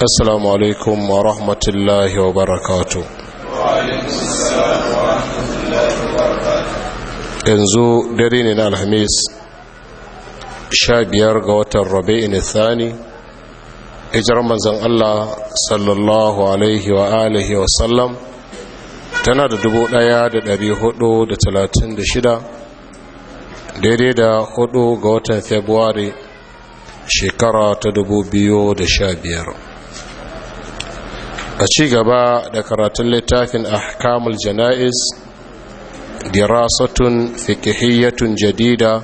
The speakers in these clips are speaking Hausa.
assalamu alaikum wa rahmatullahi wa barakatu yanzu dare ne na alhamis sha biyar ga watan rabi'in thani hijirar manzan allah sallallahu alaihi wa alihi wa sallam tana da dubu daya da dari hudu da talatin da shida daidai da hudu ga watan februari shekara ta dubu biyu da sha biyar a ci gaba da karatun littafin ahkamul jana'iz dirasatun fikihiyyatun jadida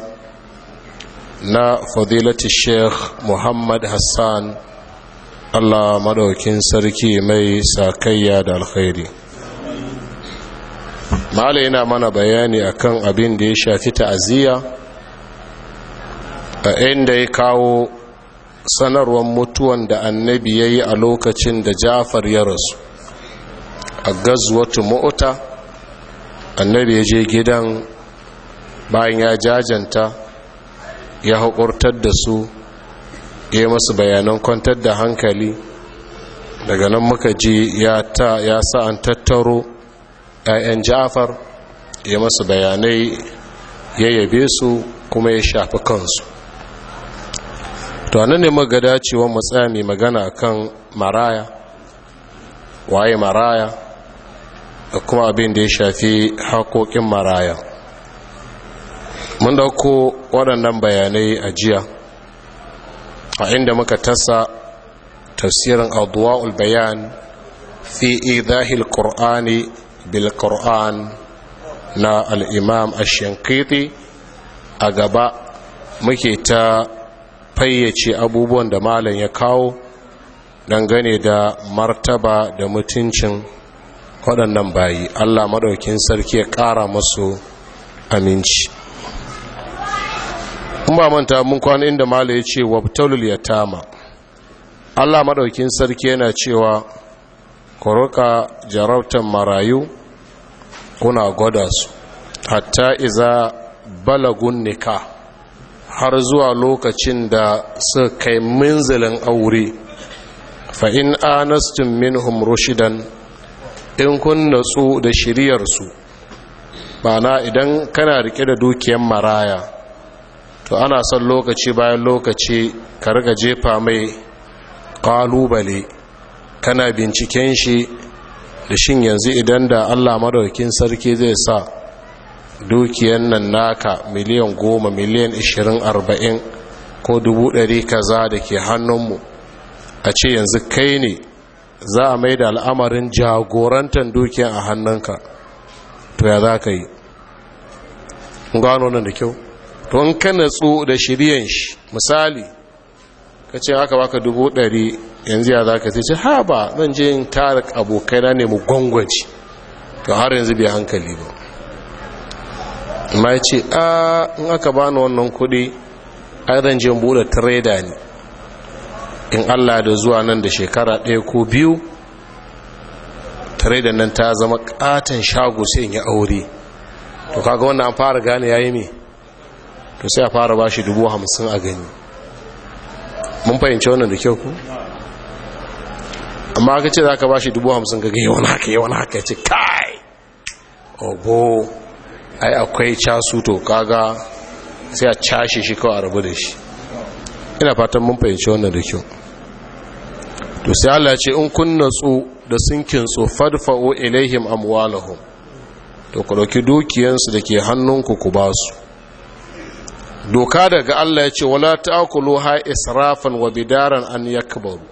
na fadilati sheikh muhammad hassan allah madaukin sarki mai sakayya da alkhairi mala yana mana bayani akan abin da ya shafi ta'aziyya a inda ya kawo sanarwar mutuwan da annabi ya yi a lokacin da jafar ya rasu a gazuwatu ma'uta annabi ya je gidan bayan ya jajanta ya haƙurtar da su ya yi masu bayanan kwantar da hankali daga nan muka ji ya ta ya sa an tattaro 'ya'yan jafar ya masu bayanai ya yabe su kuma ya shafi kansu to anan ne maga dacewa mu tsaya mai magana kan maraya waye maraya da kuma abin da ya shafi haƙoƙin maraya mun dauko waɗannan bayanai a jiya a inda muka tasa tafsirin adwa'ul bayan fi idahil qur'ani bil qur'an na al-imam ash-shankiti a gaba muke ta fayyace abubuwan da malam ya kawo dangane da martaba da mutuncin waɗannan bayi allah maɗaukin sarki ya ƙara masu aminci in ba manta mun kwana inda malam ya ce wabtalul ya tama allah maɗaukin sarki yana cewa ku roƙa jarautar marayu kuna gwada su hatta iza balagun Nika. har zuwa lokacin da su kai minzilin aure fa'in anastin minhum rushidan in kun natsu da shiriyarsu na idan kana rike da dukiyar maraya to ana son lokaci bayan lokaci ka riga jefa mai kalubale kana binciken shi da shin yanzu idan da allah madaukin sarki zai sa dukiyan nan naka miliyan goma miliyan ishirin arba'in ko dubu ɗari kaza da ke hannunmu a ce yanzu kai ne za a mai da al'amarin jagorantar dukiyar a hannunka to ya za ka yi gano nan da kyau to in ka natsu da shiriyan shi misali ka ce aka baka dubu ɗari yanzu ya za ka ce ha ba zan je yin tarik abokaina ne mu gwangwaci to har yanzu bai hankali ba amma ya ce a in aka bani wannan kudi ai zan je bude trader ne in Allah da zuwa nan da shekara ɗaya ko biyu trader nan ta zama ƙaton shago sai in yi aure to kaga wannan an fara gane yayi me to sai a fara bashi dubu hamsin a gani mun fahimci wannan da kyau ku amma ka ce za ka bashi dubu hamsin ga gaya wani haka yi wani haka ya ce kai ogo ai akwai casu to kaga sai a cashe shi kawai a rabu da shi ina fatan mun fahimci wannan da kyau to sai Allah ce in kun natsu da sun kintsu fadfa'u ilaihim amwalahum to ku dauki dukiyansu da ke hannunku ku ba su doka daga Allah ya ce wala ta'kulu ha israfan wa bidaran an yakbaru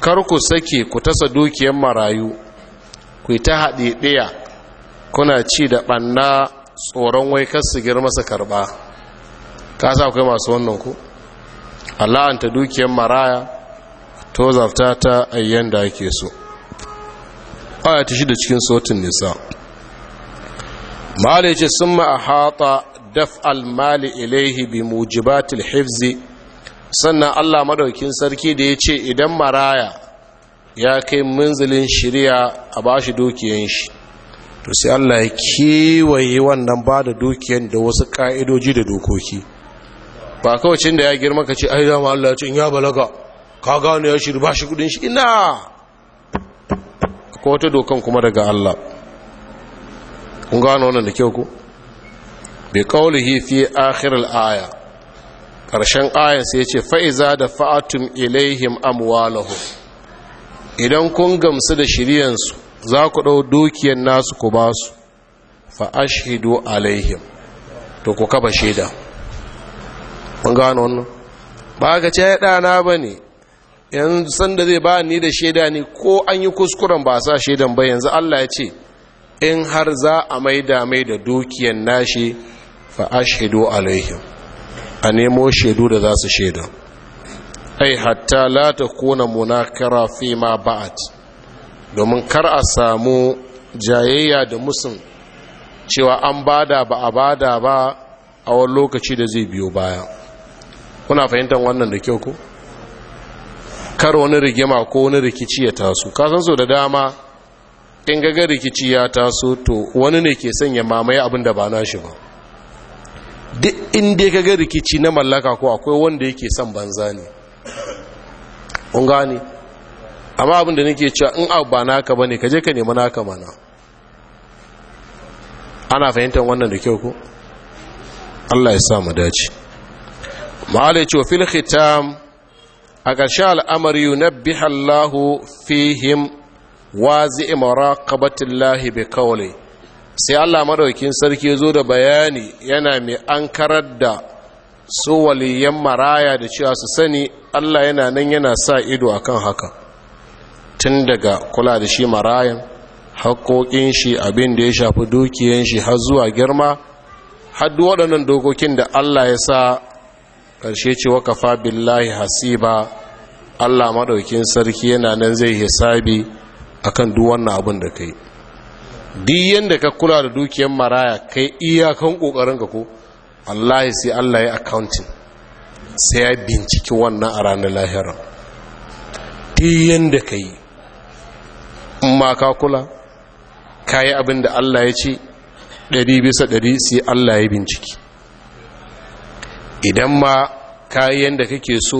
kar ku sake ku tasa dukiyan marayu ku ta haɗe ɗaya kuna ci da ɓanna tsoron wai kasu girma su karɓa ka sa kai masu wannan ku ta dukiyar maraya to zarta ta ayyan da ake so aya ta shida cikin sotin nisa mali ce sun ma'ahata daf Al-mali ilaihi bi mujibatil hifzi sannan allah madaukin sarki da ya ce idan maraya ya kai munzulin shirya a bashi dukiyan shi to sai Allah ya kewaye wannan ba da dukiyar da wasu ka'idoji da dokoki ba kawacin da ya girma ka ce ai ma Allah ya ce in ya balaga ka gano ya shiri ba shi kudin shi ina akwai wata dokan kuma daga Allah kun gano wannan da kyau ku bi qawlihi fi akhir al-aya karshen ayan sai ce, fa'iza da fa'atun ilaihim amwalahum idan kun gamsu da shiriyansu za ku ɗau dukiyar nasu ku ba su fa’ashidu alaihim to ku kaba shaida mun gano wannan ba ga ce ya ɗana ba ne yanzu sanda zai ba ni da shaida ne ko an yi kuskuren ba sa shaidan ba yanzu allah ya ce in har za a maida mai da dukiyar nashi fa alaihim a nemo shaidu da za su shaida ai hatta la ta kona munakara fi ma ba'at domin kar a samu jayayya da musun cewa an bada ba a bada ba a wani lokaci da zai biyo baya kuna fahimtar wannan da kyau ko kar wani rigima ko wani rikici ya taso kasan so da dama in gaga rikici ya taso to wani ne ke sanya mamaye abin da ba nashi ba duk inda ya gaga rikici na mallaka ko akwai wanda yake son banza ne kun amma abin da nake cewa in abu ba naka ba ne ka je ka nemi naka mana ana fahimtar wannan da kyau ko Allah ya sa mu dace ma'ala ce fil khitam a shal al'amari yunabbiha Allah fihim wazi muraqabatillahi bi qawli sai Allah madaukin sarki yazo da bayani yana mai ankarar da su waliyan maraya da cewa su sani Allah yana nan yana sa ido akan haka tun daga kula da shi marayan haƙoƙin shi abin da ya shafi dukiyan shi har zuwa girma haddu waɗannan dokokin da Allah ya sa ƙarshe ce wa kafa billahi hasiba Allah maɗaukin sarki yana nan zai hisabi a kan duwannan abin da kai duk da ka kula da dukiyan maraya kai iyakan ƙoƙarin ka ko Allah ya sai Allah ya accounting sai ya binciki wannan a ranar lahira di yanda ka yi in ma ka kula ka yi abin da Allah ya ce ɗari bisa ɗari sai Allah ya binciki idan ma ka yi yadda kake so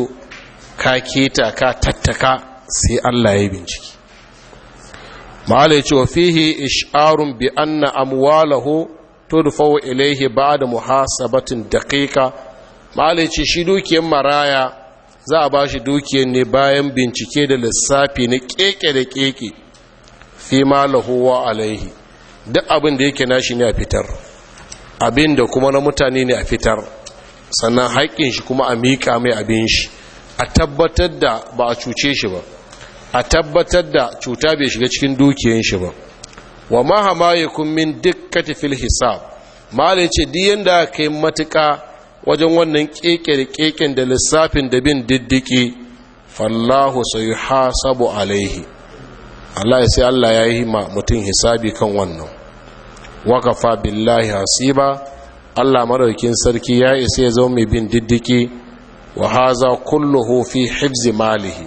ka keta ka tattaka sai Allah ya binciki ma'ala ya ce wa fihi ish'arun bi anna amwalahu tudfawu ilaihi ba muhasabatin daqiqa ma'ala ya ce shi dukiyar maraya za a ba shi dukiyar ne bayan bincike da lissafi na keke da keke fi ma lahu alaihi duk abin da yake nashi ne a fitar abin da kuma na mutane ne a fitar sannan haƙƙin shi kuma a miƙa mai abin shi a tabbatar da ba a cuce shi ba a tabbatar da cuta bai shiga cikin dukiyar shi ba wa hama ya kummin duk katifil hisab mala ya ce diyan da ka yi matuƙa wajen wannan ƙeƙe da ƙeƙen da lissafin da bin diddiki fallahu sai hasabu alaihi Allah ya sai Allah ya yi ma mutum hisabi kan wannan wakafa billahi hasiba Allah maraukin sarki ya isa ya zama bin diddiki wa haza kulluhu fi hifzi malihi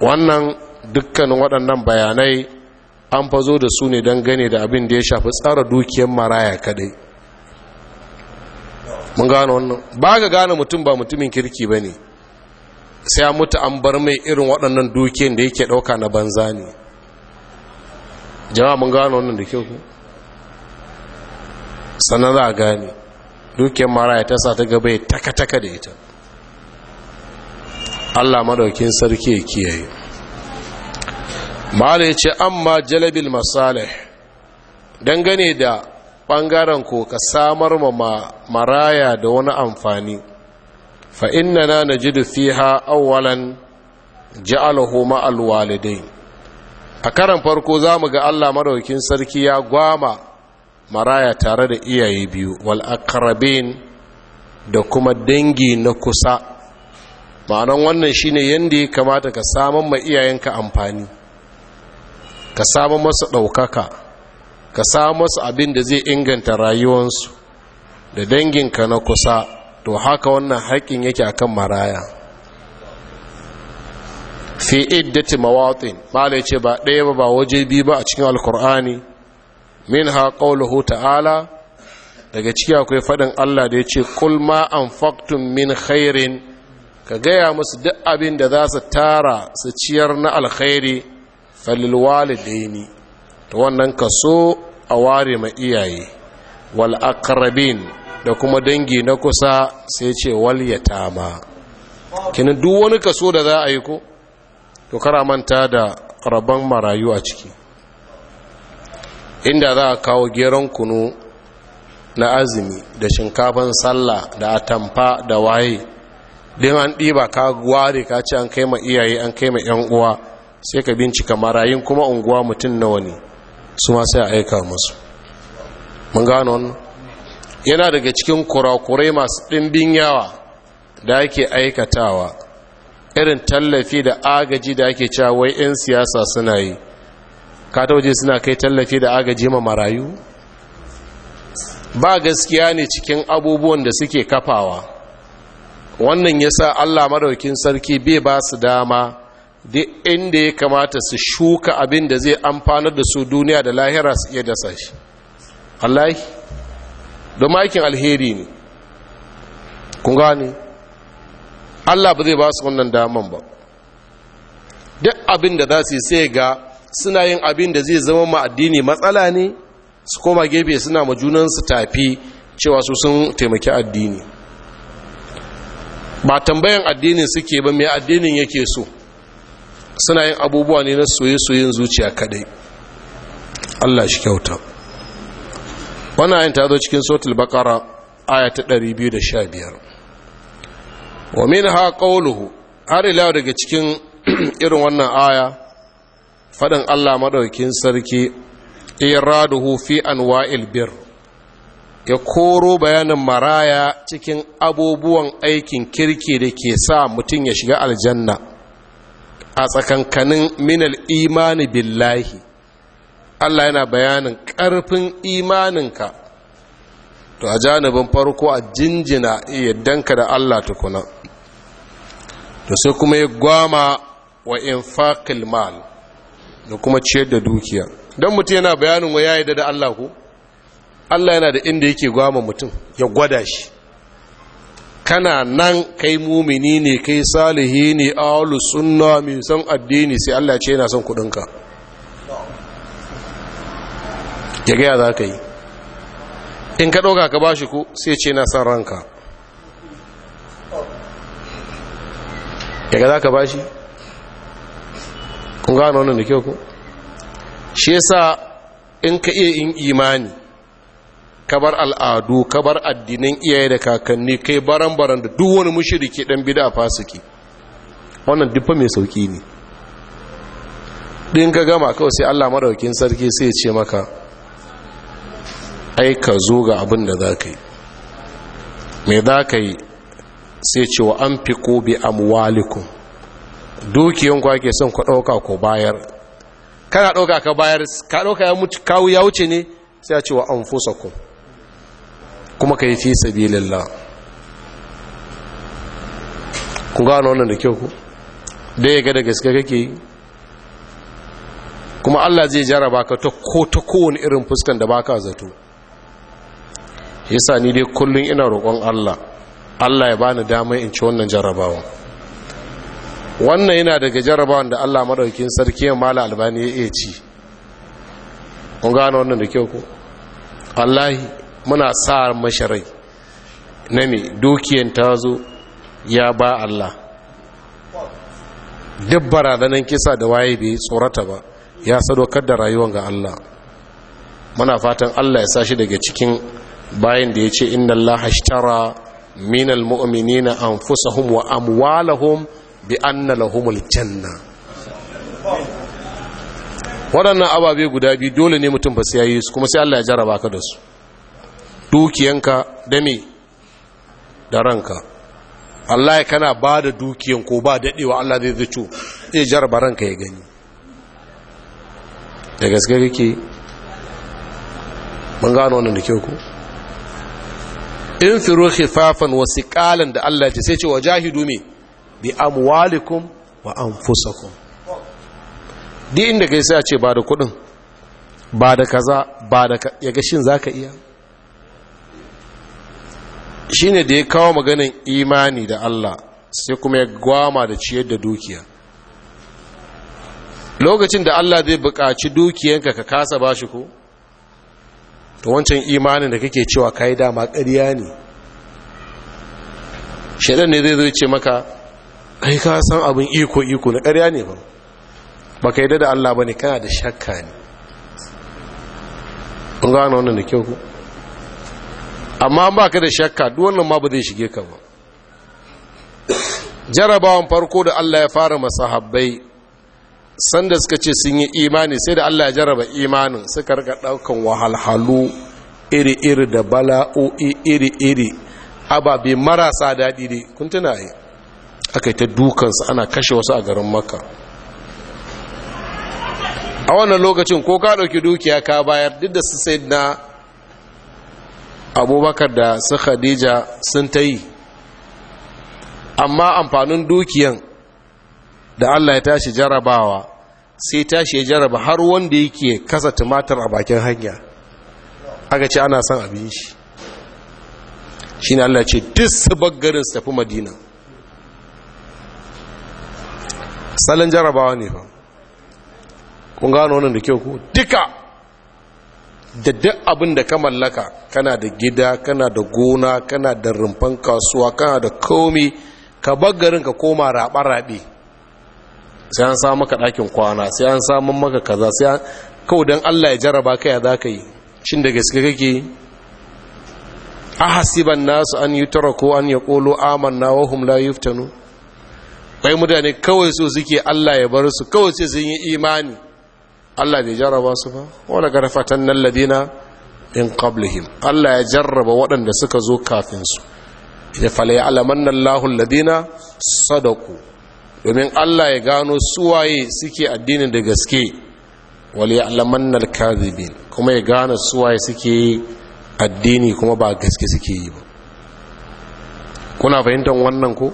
wannan dukkanin waɗannan bayanai an fazo da su ne don gane da abin da ya shafi tsara dukiyar maraya kadai mun gano wannan ba ga gane mutum ba mutumin kirki ba ne sai ya mutu an bar mai irin waɗannan dukiyar da yake ɗauka na banza ne jama'a mun gano wannan da kyau ku sannan za a gane dukiyar mara ta sa ta gaba ya taka-taka da ita allah maɗaukin sarki ya kiyaye ma'ala ya ce amma jalabil masalih dangane da ɓangaren ko ka samar ma maraya da wani amfani fa inna na najidu fiha awwalan ja'alahu ma'al walidain a karan farko zamu ga Allah madaukin sarki ya gwama maraya tare da iyaye biyu wal aqrabin da kuma dangi na kusa ma'anan wannan shine yanda ya kamata ka samun ma iyayenka amfani ka samu masu ɗaukaka ka samu masu abin da zai inganta rayuwarsu da danginka na kusa to haka wannan haƙƙin yake akan maraya fi iddati mawatin malai ce ba ɗaya ba ba waje biyu ba a cikin alkur'ani min ha ƙauluhu ta'ala daga ciki akwai faɗin allah da ya ce kul ma an faktun min khairin ka gaya musu duk abin da za su tara su ciyar na alkhairi ni, ta wannan kaso a ware ma iyaye wal akrabin da kuma dangi na kusa sai ce wal tama. kinan duk wani kaso da za a yi ko to kara manta da rabon marayu a ciki inda za a kawo geron kunu na azumi da shinkafan sallah da atamfa da waye din an ɗiba ka ware ka ce an kai ma iyaye an kai ma 'yan uwa sai ka bincika marayun kuma unguwa mutum nawa ne su ma sai a aika musu mun gano wannan yana daga cikin kurakurai masu ɗimbin yawa da ake aikatawa irin tallafi da agaji da ake cawai 'yan siyasa suna yi kata waje suna kai tallafi da agaji ma marayu ba gaskiya ne cikin abubuwan da suke kafawa wannan ya sa allah maraukin sarki bai ba su dama duk inda ya kamata su shuka abin da zai amfanar da su duniya da lahira su iya dasa shi allahi don aikin alheri ne kun gane allah ba zai ba su wannan daman ba duk abin da za su yi sai ga suna yin abin da zai zama ma addini matsala ne su koma gefe suna ma junansu tafi cewa su sun taimaki addini ba tambayan addinin suke ba mai addinin yake so suna yin abubuwa ne na soye-soyen zuciya kadai allah shi kyauta wannan ayin ta zo cikin sotul bakara aya ta 215 wa min ha qawluhu har ila daga cikin irin wannan aya faɗin Allah maɗaukin sarki iraduhu fi anwa'il bir ya koro bayanin maraya cikin abubuwan aikin kirki da ke sa mutum ya shiga aljanna a tsakankanin minal imani billahi Allah yana bayanin ƙarfin imaninka to a janibin farko a jinjina yaddanka da Allah tukuna to sai kuma ya gwama wa infaqil mal da kuma ciyar da dukiya don mutum yana bayanin wa yayi da Allah ku? Allah yana da inda yake gwama mutum ya gwada shi kana nan kai mumini ne kai salihi ne wani sunna mai son addini sai Allah ce yana son kudinka ya gaya za ka yi in ka ɗauka ka ba shi ku sai ce na san ranka yaga za ka ba shi kun gano wannan da kyau ku shi yasa in ka iya yin imani kabar al'adu kabar addinin iyaye da kakanni kai baran-baran da duk wani ke ɗan bid'a fasiki wannan duffa mai sauki ne ɗin ka gama kawai sai Allah maɗaukin sarki sai ce maka ai ka zo ga abin da za ka yi me za ka yi sai ce wa an fi kobe amwalikun dukiyon kwa ke son ku ɗauka ko bayar kana ɗauka ka bayar ka ɗauka ya mutu kawo ya wuce ne sai ya ce wa an fusa ku kuma ka yi fi sabi lalla ku gano wannan da kyau ku da ya gada gaske kake yi kuma allah zai jaraba ka ta ko ta kowane irin fuskan da baka zato yasa ni dai kullum ina roƙon Allah Allah ya bani dama in ci wannan jarabawan wannan yana daga jarabawan da Allah madaukakin sarki Malam albani ya ci kun gano wannan da kyau ko wallahi muna sa masharai na ne dukiyan ta zo ya ba Allah duk barazanan kisa da waye bai tsorata ba ya sadaukar da rayuwar ga Allah muna fatan Allah ya sa shi daga cikin bayan da ya ce inna Allah na an fusa anfusahum wa amwalahum bi anna lahumul janna waɗannan ababe guda biyu dole ne mutum ba sai yi su kuma sai Allah ya jaraba ka da su dukiyanka da me da ranka Allah ya kana ba da dukiyan ko ba daɗewa Allah zai zuci zai jaraba ranka ya gani da gaske kake mun gano wannan da kyau in firu khifafan wa siqalan da Allah ce sai ce wa jahidu me bi amwalikum wa anfusakum Di inda kai sai a ce ba da kudin ba da kaza ba da ya ga shin zaka iya shine da ya kawo maganin imani da Allah sai kuma ya gwama da ciyar da dukiya lokacin da Allah zai buƙaci dukiyanka ka kasa bashi ko to wancan imanin da kake cewa kai dama ƙarya ne shaidan ne zai zai ce maka kai ka san abin iko iko na ƙarya ne ba Ba ka yi da Allah ba ne kana da shakka ne kun gano wannan da kyau ku amma ba ka da shakka duk wannan ma ba zai shige ka ba jarabawan farko da Allah ya fara masahabbai sanda suka ce sun yi imani sai da Allah ya jarraba imanin suka rika daukan wahalhalu iri-iri da bala'o'i iri-iri ababe marasa daɗi ne kun tuna yi aka yi ta dukansu ana kashe wasu a garin makka a wannan lokacin ko ka ɗauki dukiya ka bayar duk da su sai na abubakar da su khadija sun ta yi amma amfanin dukiyan da Allah ya tashi jarabawa sai tashi ya jaraba har wanda yake kasa tumatir a bakin hanya aka ce ana son abin shi shi ne Allah ce duk su baggarin su tafi madina salon jarabawa ne fa kun gano wannan da kyau ku duka da duk abin da ka mallaka kana da gida kana da gona kana da rumfan kasuwa kana da komi ka baggarin ka koma raɓe-raɓe sai an samu maka ɗakin kwana sai an samu maka kaza sai an kawai don allah ya jaraba kai a zaka ka yi shin da gaske kake hasiban nasu an yi tara ko an ya ƙolo aman na hum la yuftanu bai mutane kawai so suke allah ya bar su kawai sai sun yi imani allah bai jaraba su ba wala garfatan nan ladina in qablihim allah ya jarraba waɗanda suka zo kafin su idan fala ya alamanna ladina sadaku domin Allah ya gano suwaye suke addinin da gaske wal ya al kuma ya gano suwaye suke addini kuma ba gaske suke yi ba kuna fahimtar wannan ko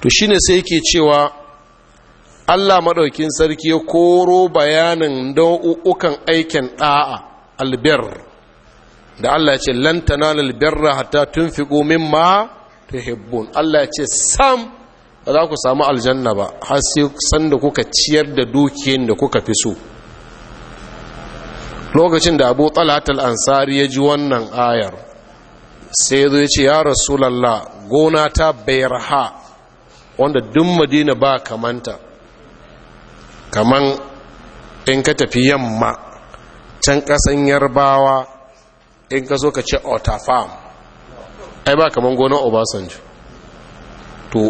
to shine sai ke cewa Allah maɗaukin sarki ya koro bayanin nau'ukan aikin ɗa'a albir da Allah ya ce hatta tun tun hatta ma mimma hebbun Allah ya ce sam ba za ku samu aljanna ba har sai sanda kuka ciyar da dukiyar da kuka fi so lokacin da abu talatal ansari ya ji wannan ayar sai ya zo ya ce ya rasulallah gona ta bayarha wanda duk madina ba kamanta kaman in ka tafi yamma can kasan yarbawa in ka so ka ce otafam ai ba kaman gonar obasanjo to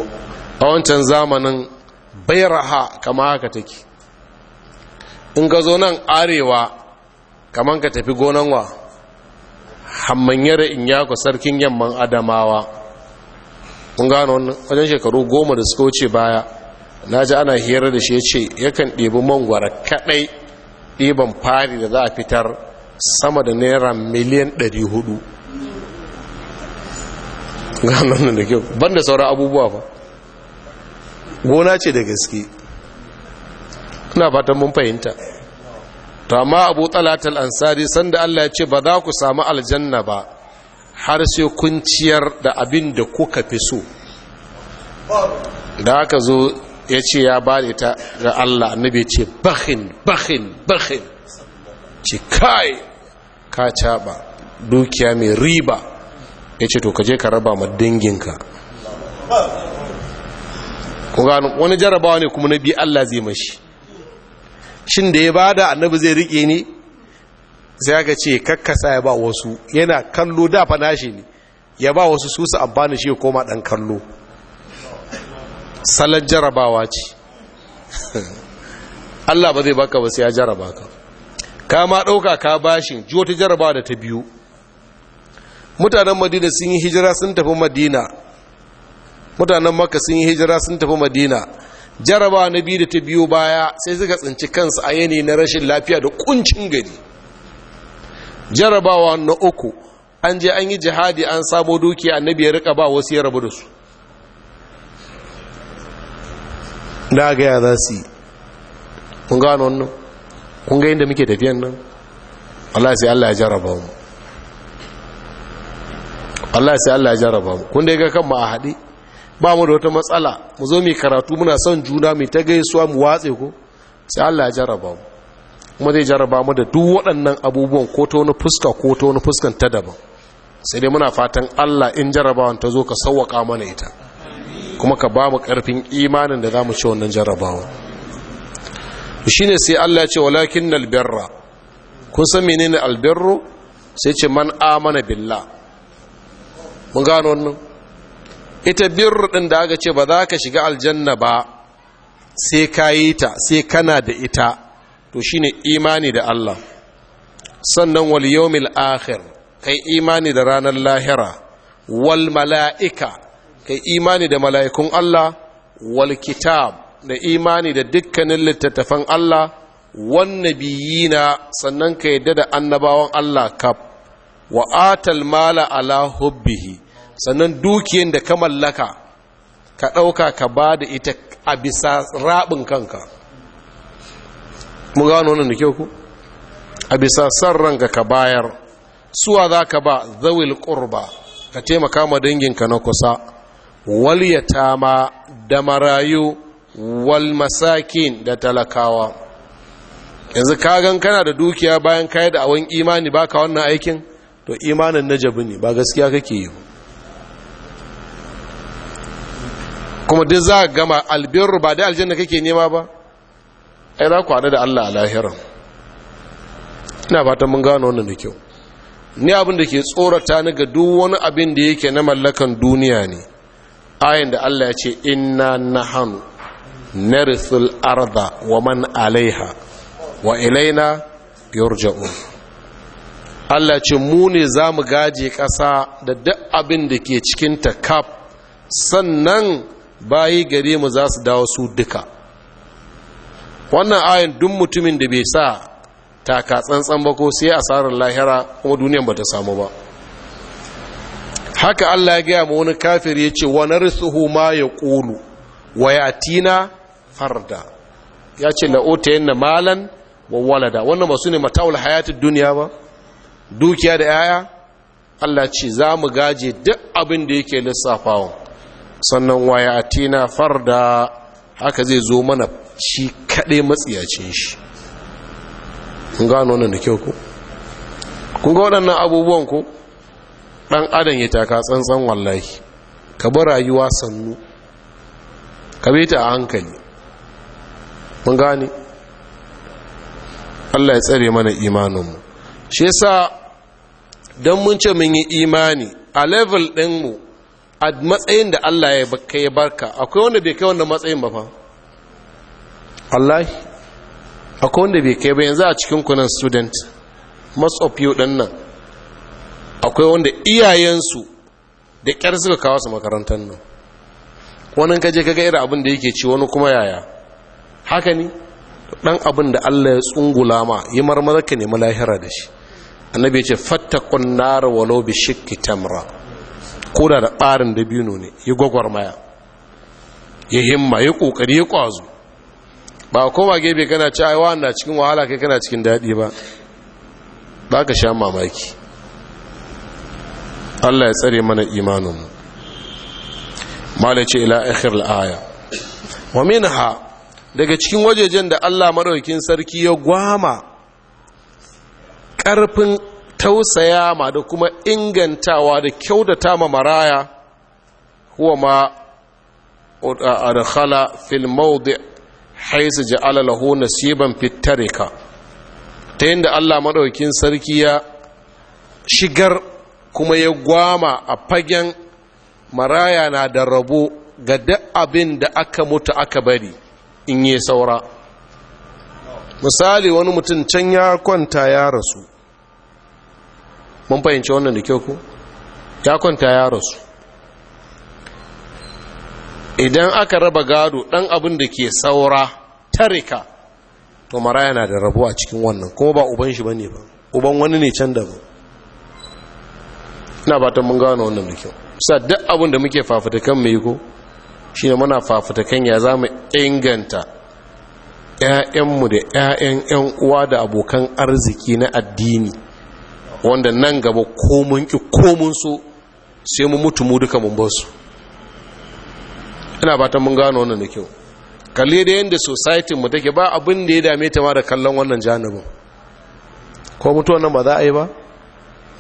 a wancan zamanin bayraha kama haka take in ka zo nan arewa kaman ka tafi gonan wa ya inyako sarkin yamman adamawa kun gano wajen shekaru goma da suka wuce baya na ji ana hira da shi ya ce yakan ɗebi mangwara kaɗai ɗiban fari da za a fitar sama da naira miliyan 400 gano da kyau ban sauran abubuwa ba gona ce da gaske ina fatan mun fahimta to amma abu talatal ansari sanda allah ya ce ba za ku samu aljanna ba har sai kun ciyar da abin da kuka fi so da aka zo ya ce ya bada ta ga allah annabi ce bakhin bakhin bakhin ce kai ka caba dukiya mai riba ya ce to ka je ka raba ma danginka ku wani jarabawa ne kuma na biyu Allah zai mashi shin da ya bada annabi zai rike ne sai aka ce kakkasa ya ba wasu yana kallo da fa nashi ne ya ba wasu su su amfani shi koma dan kallo salan jarabawa ce Allah ba zai baka ba sai ya jaraba ka ka ma dauka ka bashin ji wata jarabawa da ta biyu mutanen madina sun yi hijira sun tafi madina mutanen maka sun yi hijira sun tafi madina jaraba na biyu da ta biyo baya sai suka tsinci kansu a yanayi na rashin lafiya da kuncin gari jarabawa na uku an je an yi jihadi an samo dukiya annabi ya rika ba wasu ya rabu da su da ga ya za su yi kun gano wannan kun ga inda muke tafiyan nan Allah sai Allah ya jaraba mu Allah sai Allah ya jaraba mu kun da ga kan ma a haɗe ba mu da wata matsala mu zo mai karatu muna son juna mai ta gaisuwa mu watse ko sai Allah ya jaraba mu kuma zai jaraba mu da duk waɗannan abubuwan ko ta wani fuska ko ta wani fuskan ta daban sai dai muna fatan Allah in jarrabawan ta zo ka sauwaka mana ita kuma ka ba mu ƙarfin imanin da za mu ci wannan shi ne sai Allah ya ce walakin albirra kun san menene albirru sai ce man amana billah mun gano wannan ita birru ɗin da aka ce ba za ka shiga aljanna ba sai ka yi ta sai kana da ita to shine imani da Allah sannan wal yawmil akhir kai imani da ranar lahira wal mala'ika kai imani da mala'ikun Allah wal kitab da imani da dukkanin littattafan Allah wan nabiyina sannan ka yadda da annabawan Allah kaf wa atal mala ala hubbihi sannan dukiyar da ka mallaka ka ɗauka ka ba da ita a bisa raɓin kanka mu gano wannan da kyau ku a bisa san ranka ka bayar suwa za ka ba zawil ƙurba ka taimaka ma danginka na kusa Walyata ma da marayu wal masakin da talakawa yanzu ka kagan kana da dukiya bayan kayi da awon imani baka wannan aikin to imanin najabi ne ba gaskiya kake yi kuma duk za a gama albirru ba da aljanna kake nema ba ai za ku haɗu da Allah a ina fatan mun gano wannan da kyau ni abin da ke tsorata ni ga duk wani abin da yake na mallakan duniya ne ayin da Allah ya ce inna nahanu narisul arda wa man alaiha wa ilaina yurja'un Allah ce mu ne za mu gaje ƙasa da duk abin da ke cikin ta kaf sannan bayi gare mu za su dawo su duka wannan ayin dun mutumin da bai sa taka tsantsan ba ko sai asarar lahira kuma duniyan ba ta samu ba haka Allah ya gaya ma wani kafir ya ce wani risuhu ma ya ƙulu wa ya tina farda ya ce ota yin na malan wa walada wannan ba su ne mata'ul hayatun duniya ba dukiya da yaya Allah ce za mu gaje duk abin da yake lissafawa sannan waya na farda haka zai zo mana shi kaɗai matsiyacin shi kun gano nan da kyau ku kun ga waɗannan abubuwan ku ɗan adam ya taka tsantsan wallahi ka bi rayuwa sannu ka bi ta a hankali mun gane Allah ya tsare mana imaninmu shi yasa don mun ce mun yi imani a level ɗinmu a matsayin da Allah ya baka ya barka akwai wanda bai kai wannan matsayin ba fa wallahi akwai wanda bai kai ba yanzu a cikin kunan student most of you din nan akwai wanda iyayensu da kyar suka kawo su makarantar nan wani kaje kaga irin abin da yake ci wani kuma yaya haka ni dan abin da Allah ya tsungula ma yi marmarka ne lahira da shi annabi ya ce fattakun nar walau bi shikki tamra koda da ɓarin da dabino ne ya maya. ya himma ya ƙoƙari ya ƙwazo ba koma gebe kana ci aiwa na cikin wahala kai kana cikin daɗi ba ba ka sha mamaki allah ya tsare mana imaninmu malace ila akhir al'aya wa minha daga cikin wajejen da allah maɗaukin sarki ya gwama ƙarfin tausaya ma da kuma ingantawa da kyautata ma maraya huwa ma adkhala fil mawdi haisu ja'ala lahu nasiban fit tarika ta yadda Allah maɗaukin sarki ya shigar kuma ya gwama a fagen maraya na da rabo ga duk abin da aka mutu aka bari in yi saura misali wani mutum can ya kwanta ya rasu mun fahimci wannan da kyau ku ya kwanta ya rasu idan aka raba gado dan abin da ke saura tarika to mara yana da rabuwa a cikin wannan kuma ba uban shi ba ne ba uban wani ne can daban ina ba ta mun gano wannan da kyau sa duk abin da muke fafutakan mai ko shi ne muna fafutakan ya za mu inganta ‘ya'yanmu da ‘ya'yan ƴan uwa da abokan arziki na addini wanda nan gaba komun ki komun so sai mu mutu mu duka mun basu ina fatan mun gano wannan da kyau kalle da yanda society mu take ba abin da ya dame ta ma da kallon wannan janibin ko mutuwan nan ba za a yi ba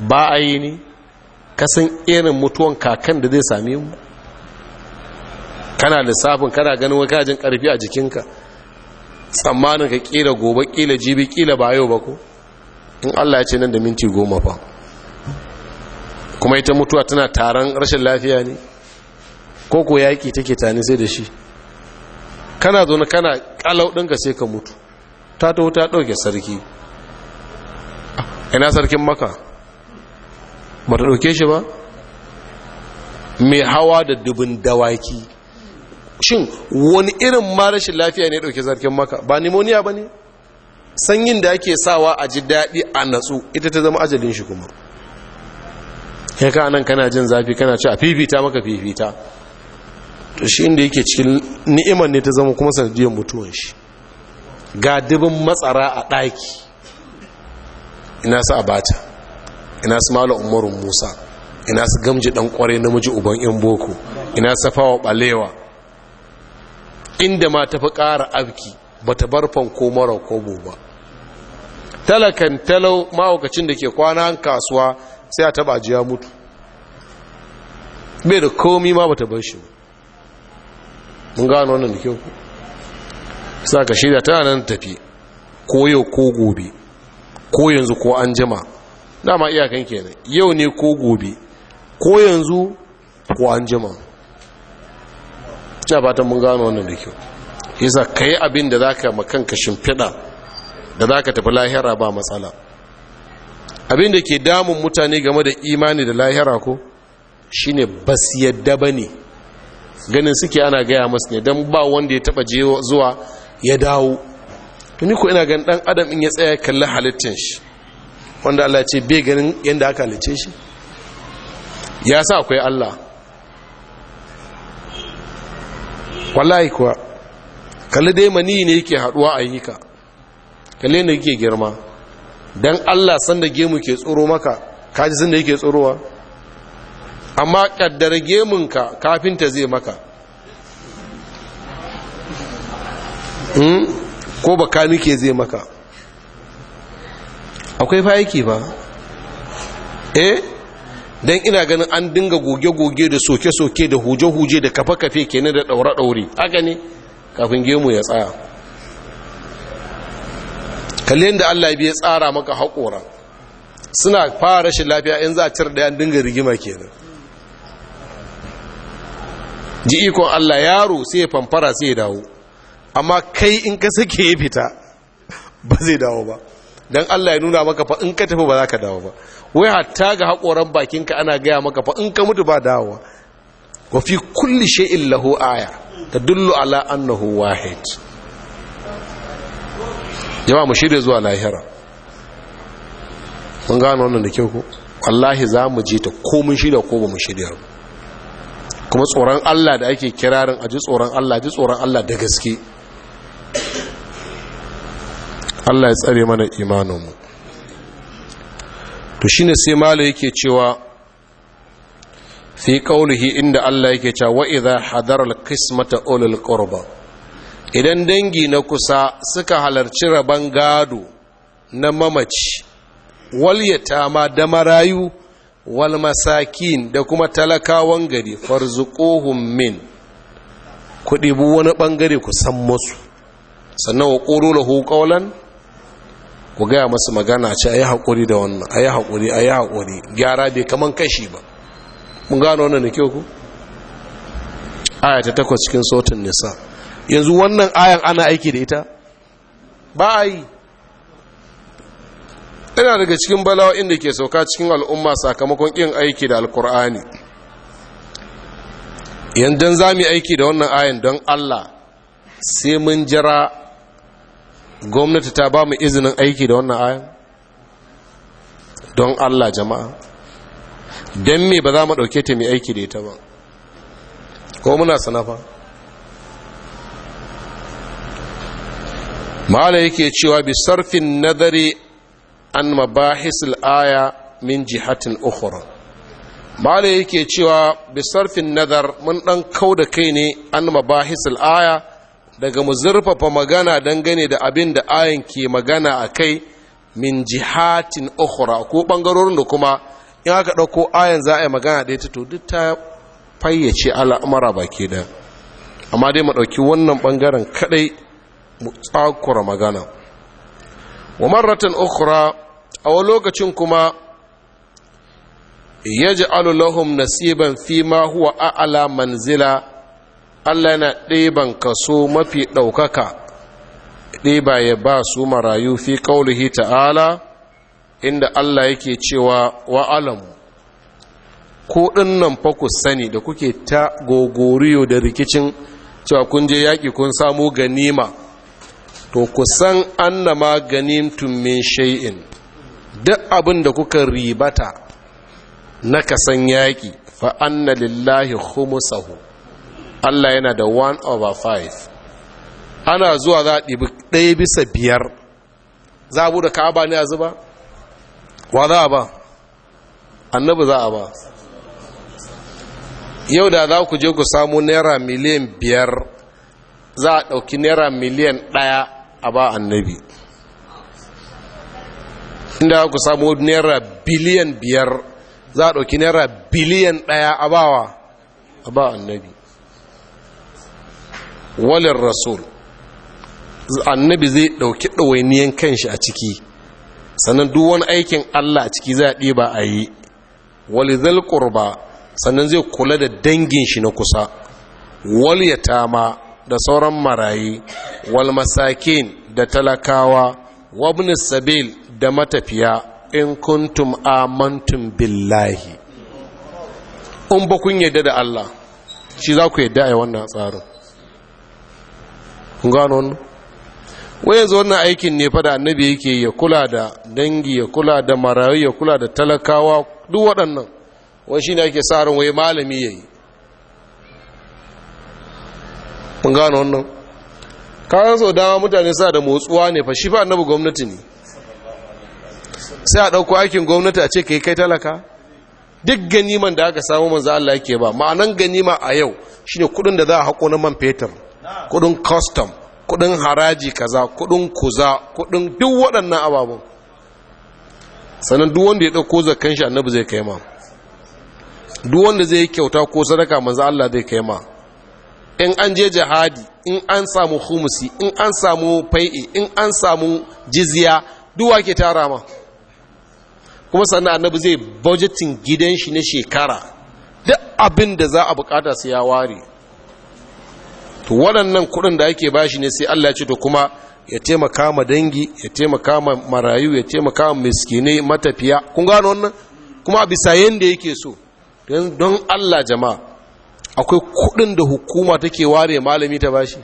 ba a yi ni kasan irin mutuwan kakan da zai same mu kana lissafin kana ganin wani kajin karfi a jikinka tsammanin ka kila gobe kila jibi kila ba yau ba ko in allah ya ce nan da minti goma fa kuma ita mutuwa tana taron rashin lafiya ne ko ko yaƙi take tani sai da shi kana zaune kana kalau ɗinka sai ka mutu ta ta wuta ɗauke sarki ina sarkin maka ba ta ɗauke shi ba mai hawa da dubin dawaki shin wani irin marashin lafiya ne ɗauke sarkin maka ba nimoniya ba ne sanyin da ake sawa a ji daɗi a natsu ita ta zama ajalin shi kuma ya ka nan kana jin zafi kana ci a fifita maka fifita to shi inda yake cikin ni'imar ne ta zama kuma sanadiyar mutuwan shi ga dubin matsara a ɗaki ina su abata ina su mala umarun musa ina su gamji ɗan ƙwarai namiji uban yan boko ina Fawa ɓalewa inda ma tafi ƙara abki bata bar ko mara kobo ba talakan talau ma'aukacin da ke kwana kasuwa sai a taba ji ya mutu bai da komi ma ba ta bar shi mun gano wannan da kyau sa ka shirya tana nan tafi ko yau ko gobe ko yanzu ko an jima dama iyakan kenan yau ne ko gobe ko yanzu ko an jima ta fatan mun gano wannan da kyau yasa ka yi abin da za ka makanka shimfiɗa da za ka tafi lahira ba matsala abin da ke damun mutane game da imani da lahira ko shine bas yadda ba ne ganin suke ana gaya masu ne don ba wanda ya taba zuwa ya dawo tuni ko ina gan dan adam in ya tsaya kalli halittin shi wanda Allah ce bai ganin yadda aka halice shi ya sa akwai Allah wallahi kuwa kalli dai mani ne yake haduwa a kalle ne yake girma dan Allah sanda gemu ke tsoro maka kaji sanda yake tsorowa amma ka kafin kafinta zai maka hmm? ko baka nike zai maka akwai fa yake ba eh dan ina ganin an dinga goge-goge da soke-soke da huje-huje da kafa kafe kenan da daura daure haka ne kafin gemu ya tsaya kalli yadda Allah ya tsara maka haƙora suna fara rashin lafiya in za a cire ɗaya dinga rigima kenan ji ikon Allah yaro sai ya famfara sai ya dawo amma kai in ka sake ya fita ba zai dawo ba don Allah ya nuna maka fa in ka tafi ba za ka dawo ba wai hatta ga haƙoran bakinka ana gaya maka fa in ka mutu ba dawowa wa fi kulli shay'in lahu aya tadullu ala annahu wahid yawa mu shirya zuwa lahira mun gano wannan da kyau ku, wallahi za mu je ta ko mun shirya ko ba mu shirya kuma tsoron Allah da ake kirarin a ji tsoron Allah ji tsoron Allah da gaske Allah ya tsare mana imaninmu to shine sai malo yake cewa fi hi, inda Allah yake cewa wa idha hadara al-qismata ulul idan dangi na kusa suka halarci rabon gado na mamaci walyata ma da marayu wal masakin da kuma talakawan gari farzuquhum min ku ɗibi wani ɓangare ku san musu sannan wa ƙoro da hukawalan ku gaya masu magana ce a yi haƙuri da wannan a yi haƙuri a yi haƙuri gyara bai kaman kashi ba mun gano wannan da kyau ku aya ta takwas cikin sautin nisa yanzu wannan ayan ana aiki da ita ba a yi yana daga cikin balawa inda ke sauka cikin al'umma sakamakon yin aiki da alkur'ani yanzu za mu aiki da wannan ayan don allah sai mun jira gwamnati ta ba mu izinin aiki da wannan ayan don allah jama'a don me ba za mu ɗauke ta mai aiki da ita ba ko muna sanafa mala yake cewa bi sarfin nadari an mabahisul aya min jihatin ukhra mala yake cewa bi sarfin nadar mun dan da kai ne an mabahisul aya daga mu zurfafa magana dangane da abin da ayan ke magana a kai min jihatin ukhra ko bangarorin da kuma in aka ɗauko ayan za a magana da ita, to duk ta fayyace al'amara baki da amma dai mu ɗauki wannan bangaren kaɗai tsakura magana wa marratan ukura a wani lokacin kuma ya ji lahum nasiban fi ma huwa a'ala manzila Allah yana ɗeban kaso mafi ɗaukaka Ɗiba ya ba su marayu fi ƙaulihi ta'ala inda Allah yake cewa wa'alamu ko nan fa ku sani da kuke ta gogoriyo da rikicin cewa kun je yaƙi kun samu ganima to kusan annama ganimtum min sha'in, duk abin da kuka ribata na kasan yaƙi fa na lillahi sahu. Allah yana da one over five ana zuwa za a ɗibi ɗaya bisa biyar za a buɗe ka'aba ne a zuba wa za a ba annabi za a ba yau da za ku je ku samu naira miliyan biyar za a ɗauki naira miliyan ɗaya a ba annabi inda ku samu naira biliyan biyar za a ɗauki naira biliyan ɗaya a bawa a ba annabi walin rasul annabi zai ɗauki ɗawainiyan kanshi a ciki sannan duk aikin allah a ciki za a ɗiba a yi walizal ba sannan zai kula da dangin shi na kusa ya ma da sauran marayi wal masakin da talakawa wabni sabil da matafiya in kuntum amantum billahi in ba kun yadda da Allah shi za ku yadda a wannan tsarin kun gano wannan yanzu wannan aikin ne fada annabi yake ya kula da dangi ya kula da marayu ya kula da talakawa duk waɗannan wani shi ne ake tsarin wai malami ya yi mun gano wannan kayan sau dama mutane sa da motsuwa ne fa shi fa annabi gwamnati ne sai a ɗauko aikin gwamnati a ce ka yi kai talaka duk ganiman da aka samu manzo Allah yake ba ma'anan ganima a yau shine kudin da za a hako na man fetur kudin custom kudin haraji kaza kudin kuza kudin duk waɗannan ababen sannan duk wanda ya ɗauko zakan shi annabi zai kai ma duk wanda zai kyauta ko sadaka manzo Allah zai kai ma in an je jihadi in an samu humusi in an samu fai'i in an samu jiziya, duwa ke tara ma kuma sannan annabi zai bajetin gidan shi na shekara duk abin da za a bukata su ya ware to waɗannan kuɗin da ake bashi ne sai Allah ya ce to kuma ya taimaka ma dangi ya taimaka ma marayu ya taimaka ma miskinai matafiya kun gano wannan kuma a bisa yanda yake so don Allah jama'a akwai kudin da hukuma take ware malami ta bashi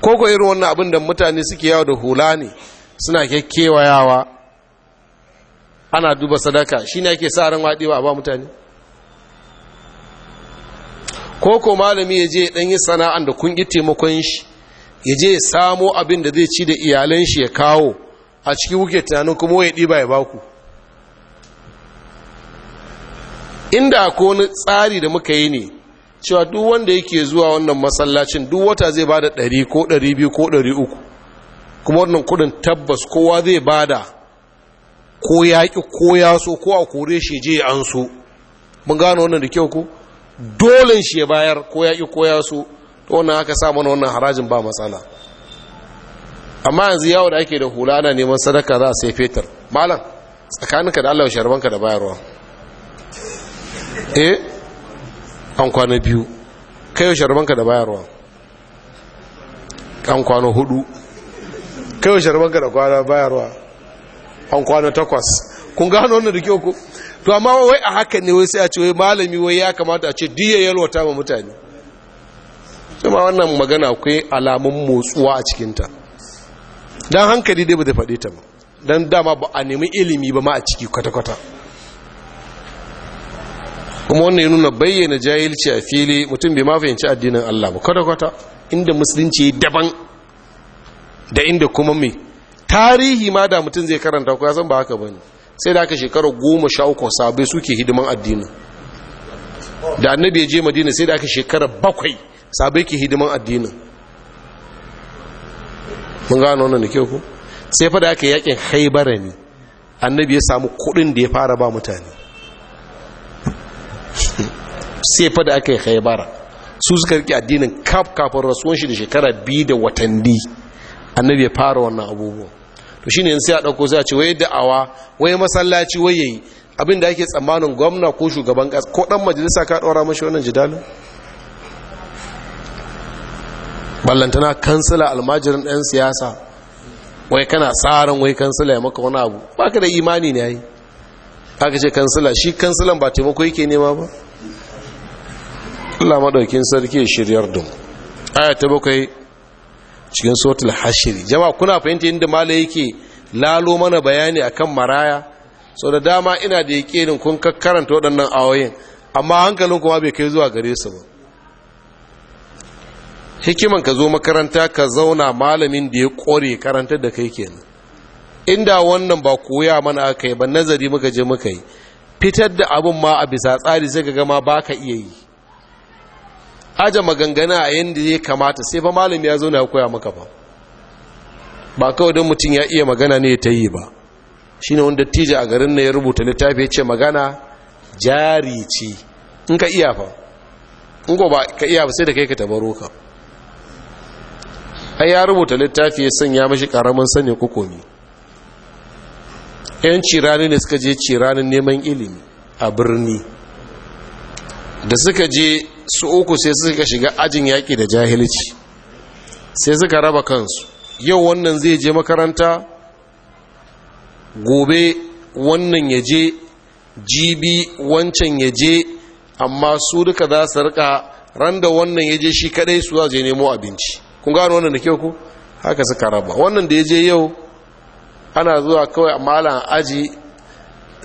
ko ko irin wannan abin da mutane suke yawo da hula ne suna kekkewayawa ana duba sadaka shi ne ake sa ran waɗewa a ba mutane ko ko malami ya je dan yi sana'an da kun yi taimakon shi ya je samo abin da zai ci da iyalan shi ya kawo a cikin wuke tunanin kuma ya ɗiba ya baku inda ko wani tsari da muka yi ne cewa duk wanda yake zuwa wannan masallacin duk wata zai bada ɗari ko ɗari biyu ko ɗari uku kuma wannan kudin tabbas kowa zai bada ko ya ƙi ko ya so ko a kore shi je an so mun gano wannan da kyau ko dole shi ya bayar ko ya ƙi ko ya so to wannan aka sa mana wannan harajin ba matsala amma yanzu yawo da ake da hula ana neman sadaka za a sai fetur malam tsakaninka da Allah ya sharbanka da bayarwa eh an kwana biyu kai yau ka da bayarwa an kwana hudu kai yau ka da kwana bayarwa an kwana takwas kun gano wannan da kyau ko to amma wai a haka ne wai sai a ce wai malami wai ya kamata a ce diya yalwata ma mutane kuma wannan magana akwai alamun motsuwa a cikinta Dan hankali dai ba da faɗi ta ba Dan dama ba a nemi ilimi ba ma a ciki kwata-kwata kuma wannan ya nuna bayyana jahilci a fili mutum bai ma addinin Allah ba kwata-kwata inda musulunci daban da inda kuma mai tarihi ma da mutum zai karanta ku ya san ba haka ba ne, sai da aka shekara goma sha uku sabai suke hidiman addinin da annabi ya je madina sai da aka shekara bakwai sabai ke hidiman addinin mun gano wannan da kyau ku sai fa da aka yakin haibara ne annabi ya samu kuɗin da ya fara ba mutane sai fa da aka yi khaibara su suka rike addinin kaf kafin rasuwan shi da shekara biyu da watanni annabi ya fara wannan abubuwa to shine sai a dauko sai a ce wai da'awa wai masallaci wai abin da ake tsammanin gwamna ko shugaban kasa ko dan majalisa ka daura mashi wannan jidalin ballantana kansila almajirin ɗan siyasa wai kana tsarin wai kansila ya maka wani abu ba ka da imani ne yayi ka ce kansila shi kansilan ba taimako yake nema ba Allah madaukin sarki shiryar da aya ta bakwai cikin suratul hashiri. jama'a kuna fahimta inda malai yake lalo mana bayani akan maraya so da dama ina da yakinin kun karanta waɗannan ayoyin amma hankalin kuma bai kai zuwa gare su ba hikiman ka zo makaranta ka zauna malamin da ya kore karantar da kai kenan inda wannan ba koya mana aka yi ba nazari muka je muka yi fitar da abin ma a bisa tsari sai ka gama ba ka iya yi aje magangana a yadda ya kamata sai fa malami ya zo na koya maka ba ba kawai don mutum ya iya magana ne ta yi ba shi ne wanda tija a garin na ya rubuta littafi ya ce magana jari ce in ka iya fa in ko ba ka iya ba sai da kai ka tabaro ka ai ya rubuta littafi ya sanya mashi karamin sanya kokomi yan cirani ne suka je ciranin neman ilimi a birni da suka je su uku sai suka shiga ajin yaƙi da jahilci sai suka raba kansu yau wannan zai je makaranta gobe wannan ya je jibi wancan ya je amma su duka za su rika ran da wannan ya je shi kadai su za je nemo abinci kun gano wannan da kyau ku haka suka raba wannan da ya je yau ana zuwa kawai a malan aji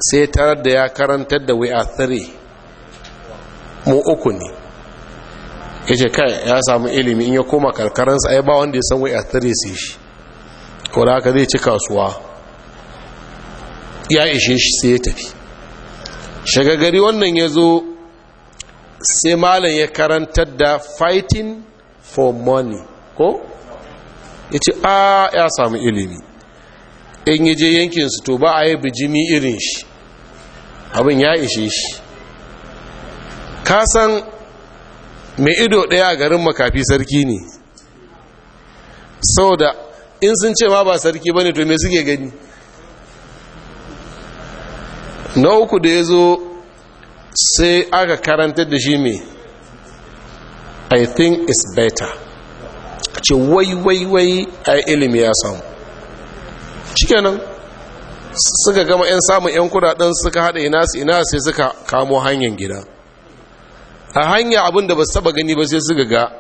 sai tarar da ya karantar da we are three mu uku ne ya ce kai ya samu ilimi in ya koma karkaransa ai ba wanda ya san wai a tare sai shi ko da haka zai ci kasuwa ya ishe shi sai ya tafi shagagari wannan ya zo sai malam ya karantar da fighting for money ko ya ce a ya samu ilimi in yi je yankinsu to ba a yi bijimi irin shi abin ya ishe shi kasan mai ido ɗaya a garin makafi sarki ne sau da in sun ce ma ba sarki ba ne to me suke gani na uku da ya zo sai aka karantar da shi mai i think it's better ce wai wai wai a ilimi ya samu shikenan suka gama 'yan samun 'yan kudaden suka haɗa ina su ina sai suka kamo hanyar gida a hanya abin da ba saba gani ba sai suka ga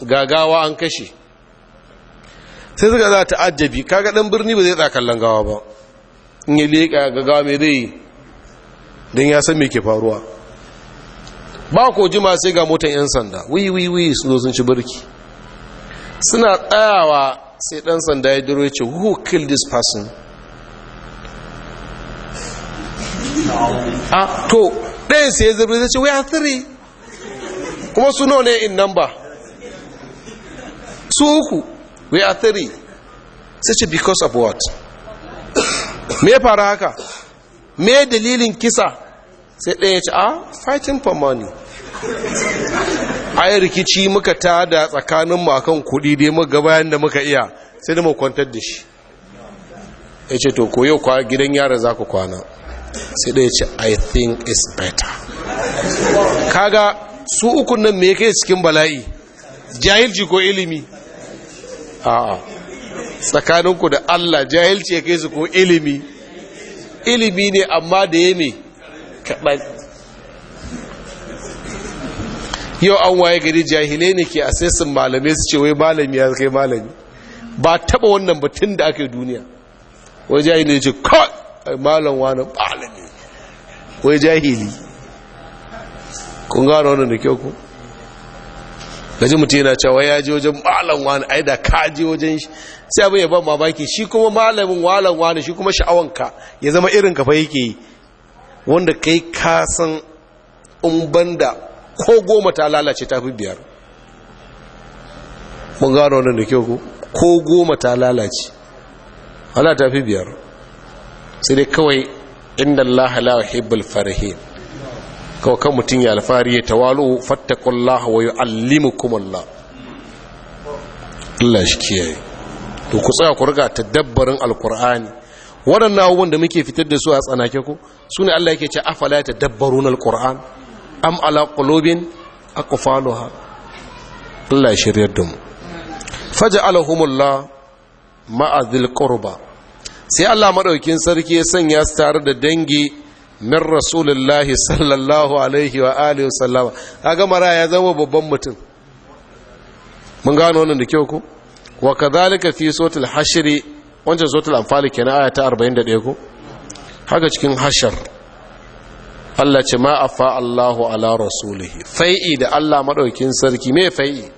gagawa an kashe sai suka za ta ajabi kaga dan birni ba zai tsaka kallon gawa ba in yi leƙa gagawa mai zai don ya san me ke faruwa ba ko jima sai ga motar 'yan sanda wuyi wuyi wuyi su zo sun ci birki suna tsayawa sai dan sanda ya duro ya ce who killed this person a ah, to ɗayan sai ya zirbi zai ce we are three kuma su nawa ne in number su uku we are three sai ce because of what me ya fara haka me dalilin kisa sai ɗaya ce a ah, fighting for money ai rikici muka tada tsakanin makon kuɗi dai muka bayan da muka iya sai da mu kwantar da shi ya ce to koyo kwa gidan yara za ku kwana sai da ya ce i think it's better kaga su ukun nan me kai cikin bala'i jahilci ko ilimi a'a tsakaninku da Allah jahilci ya su ko ilimi ilimi ne amma da ya me kaɗan yau an waye gari jahilai ne ke asesin malamai su ce wai malami ya kai malami ba taba wannan batun da ake duniya wai jahilai ce kawai malam wani malami wai jahili kun gano wannan da kyau ku gaji mutum yana cewa ya ji wajen malam wani ai da ka ji wajen shi sai abin ya ban mamaki shi kuma malamin walan wani shi kuma sha'awanka ya zama irin kafa yake yi wanda kai ka san in banda ko goma ta lalace ta fi biyar mun gano wannan da kyau ku ko goma ta lalace wala ta fi biyar sai dai kawai inda Allah la yuhibbul farihin kawai kan mutum ya alfahari ya tawalu fattakullah wa yu'allimukumullah Allah shi kiyaye to ku tsaya ku riga tadabbarin alqur'ani waɗannan abubuwan da muke fitar da su a tsanake ku Su ne Allah yake ce afala tadabbarun alqur'an am ala qulubin aqfaluha Allah ya shiryar da mu faj'alahumullah ma'a dhil qurba sai Allah madaukin sarki ya sanya su tare da dangi min rasulullahi sallallahu alaihi wa alihi wasallama kaga maraya ya zama babban mutum mun gano wannan da kyau ku wa kadhalika fi sotul hashiri. wancan sotul anfal kenan aya ta 41 ku haka cikin hashar Allah ce ma afa Allahu ala rasulihi fai'i da Allah madaukin sarki me fai'i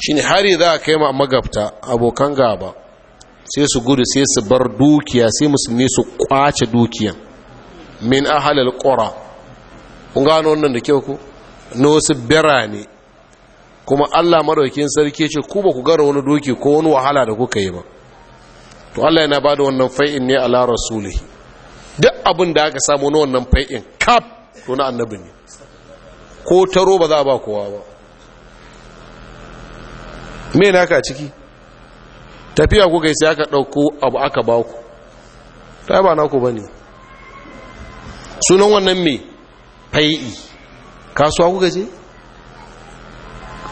shine hari za a kai ma magabta abokan gaba sai su gudu sai su bar dukiya sai musulmi su kwace dukiyan min ahalar qura kun gano wannan da kyau ku na wasu birane kuma Allah madaukakin sarki ce ku ba ku gara wani doki ko wani wahala da kuka yi ba to Allah yana bada wannan fai'in ne ala rasuli duk abin da aka samu na wannan fai'in kaf to na annabi ne ko taro ba za ba kowa ba me na ka ciki tafiya kuka yi sai aka ɗauko abu aka ba ku ta ba naku ba ne sunan wannan mai fai'i kasuwa kuka je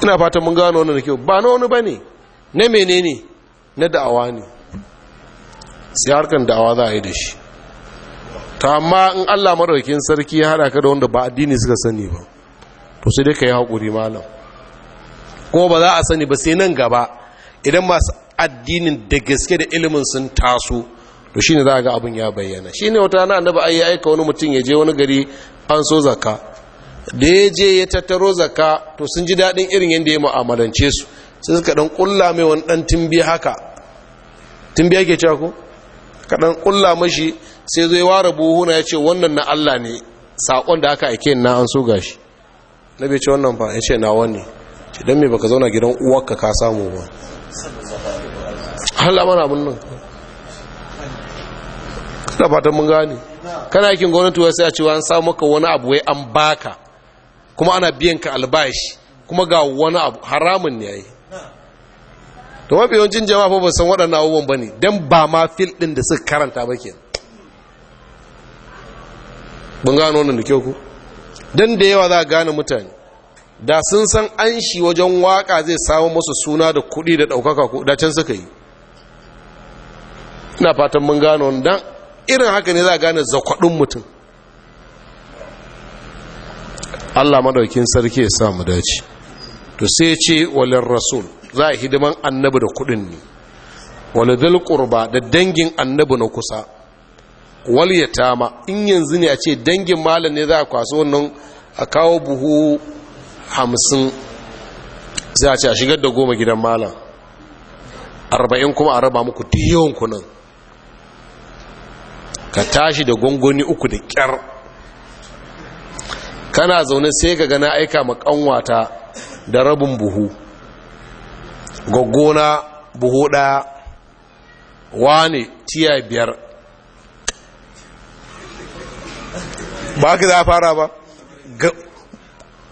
ina fatan mun gano wannan da kyau ba na wani ba ne na ne? na da'awa ne sai harkar da'awa za a yi da shi ta amma in allah maraukin sarki ya haɗa ka da wanda ba addini suka sani ba to sai dai ka yi haƙuri malam Kuma ba za a sani ba sai nan gaba idan masu addinin da gaske da ilimin sun taso to shine za ga abin ya bayyana shine wata na annabi ayi aika wani mutum ya je wani gari an so zakka da ya je ya tattaro zakka to sun ji daɗin irin yanda ya mu'amalance su sai suka dan kulla mai wani dan timbi haka timbi yake cewa ko ka dan kulla mashi sai zai ware buhuna ya ce wannan na Allah ne sakon da aka aike na an so gashi na ce wannan fa ya ce na wani ce dan me baka zauna gidan uwarka ka samu ba Allah mana abun nan na fatan mun gane kana aikin gwamnati wasu ya cewa an samu maka wani abu wai an baka kuma ana biyan ka albashi kuma ga wani abu haramun ne yayi to mafi yawancin jama'a ba san waɗannan abubuwan ba ne don ba ma fil ɗin da suka karanta ba ke Mun gane wannan da kyau ku don da yawa za a gane mutane da sun san an shi wajen waka zai samu masu suna da kuɗi da ɗaukaka da can suka yi ina fatan mun gano wannan irin haka ne za a gane zakwadin mutum Allah madaukin sarki ya sa mu dace to sai ce walin rasul za a hidiman annabi da kudin ne Wani kurba da dangin annabi na kusa wal yatama in yanzu ne a ce dangin malam ne za a kwaso wannan a kawo buhu hamsin za a ce a shigar da goma gidan malam arba'in kuma a raba muku duk yawan kunan ka tashi da gungoni uku da kyar kana zaune sai ka gana aika makanwata da rabin buhu gwaggona buhu ɗaya wane tiya biyar ba ka za fara ba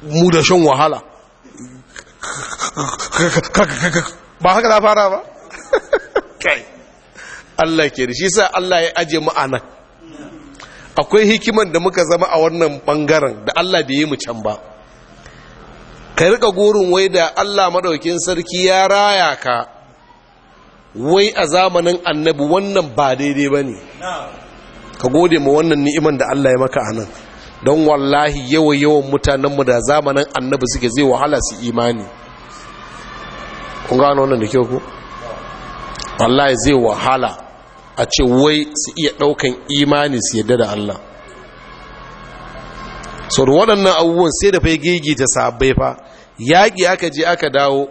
mu da shan wahala ba haka za fara ba kai Allah ke da shi sa Allah ya aje mu anan akwai hikiman da muka zama a wannan bangaren da Allah bai yi mu can ba ka rika gurin wai da Allah madaukin sarki ya raya ka wai a zamanin annabi wannan ba daidai ba ne ka gode ma wannan ni'iman da Allah ya maka anan don wallahi yawa yawan mutanenmu da zamanin annabi suke zai wahala su imani kun gano wannan da kyau ku wallahi zai wahala a ce wai su iya ɗaukan imani su yadda da Allah sau da waɗannan abubuwan sai da fai gigi ta sabai fa yaƙi aka je aka dawo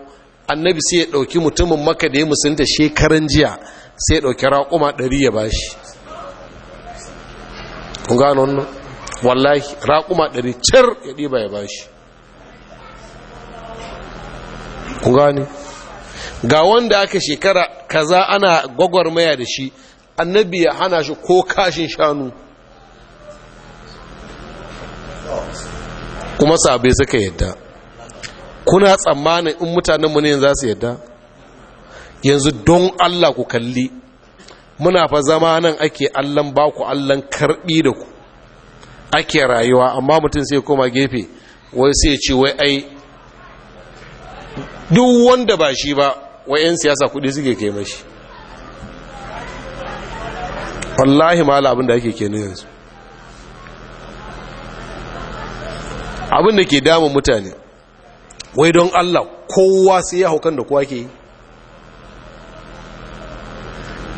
annabi sai ya ɗauki mutumin maka da ya musunta shekaran jiya sai ya ɗauki raƙuma ɗari ya bashi kun gano wannan wallahi raƙuma ɗari cir ya ɗiba ya bashi kun gane ga wanda aka shekara kaza ana gwagwarmaya da shi annabi ya hana shi ko kashin shanu kuma sabai suka yadda kuna tsammanin in mutanenmu ne za su yadda yanzu don allah ku kalli muna fa zama nan ake allon baku allon karbi da ku ake rayuwa amma mutum sai koma gefe wai sai ce wai ai duk wanda ba shi ba wai 'yan siyasa kudi suke kai mashi wallahi mala abin da ake kenan yanzu abin da ke damun mutane wai don allah kowa sai ya haukan da kowa ke yi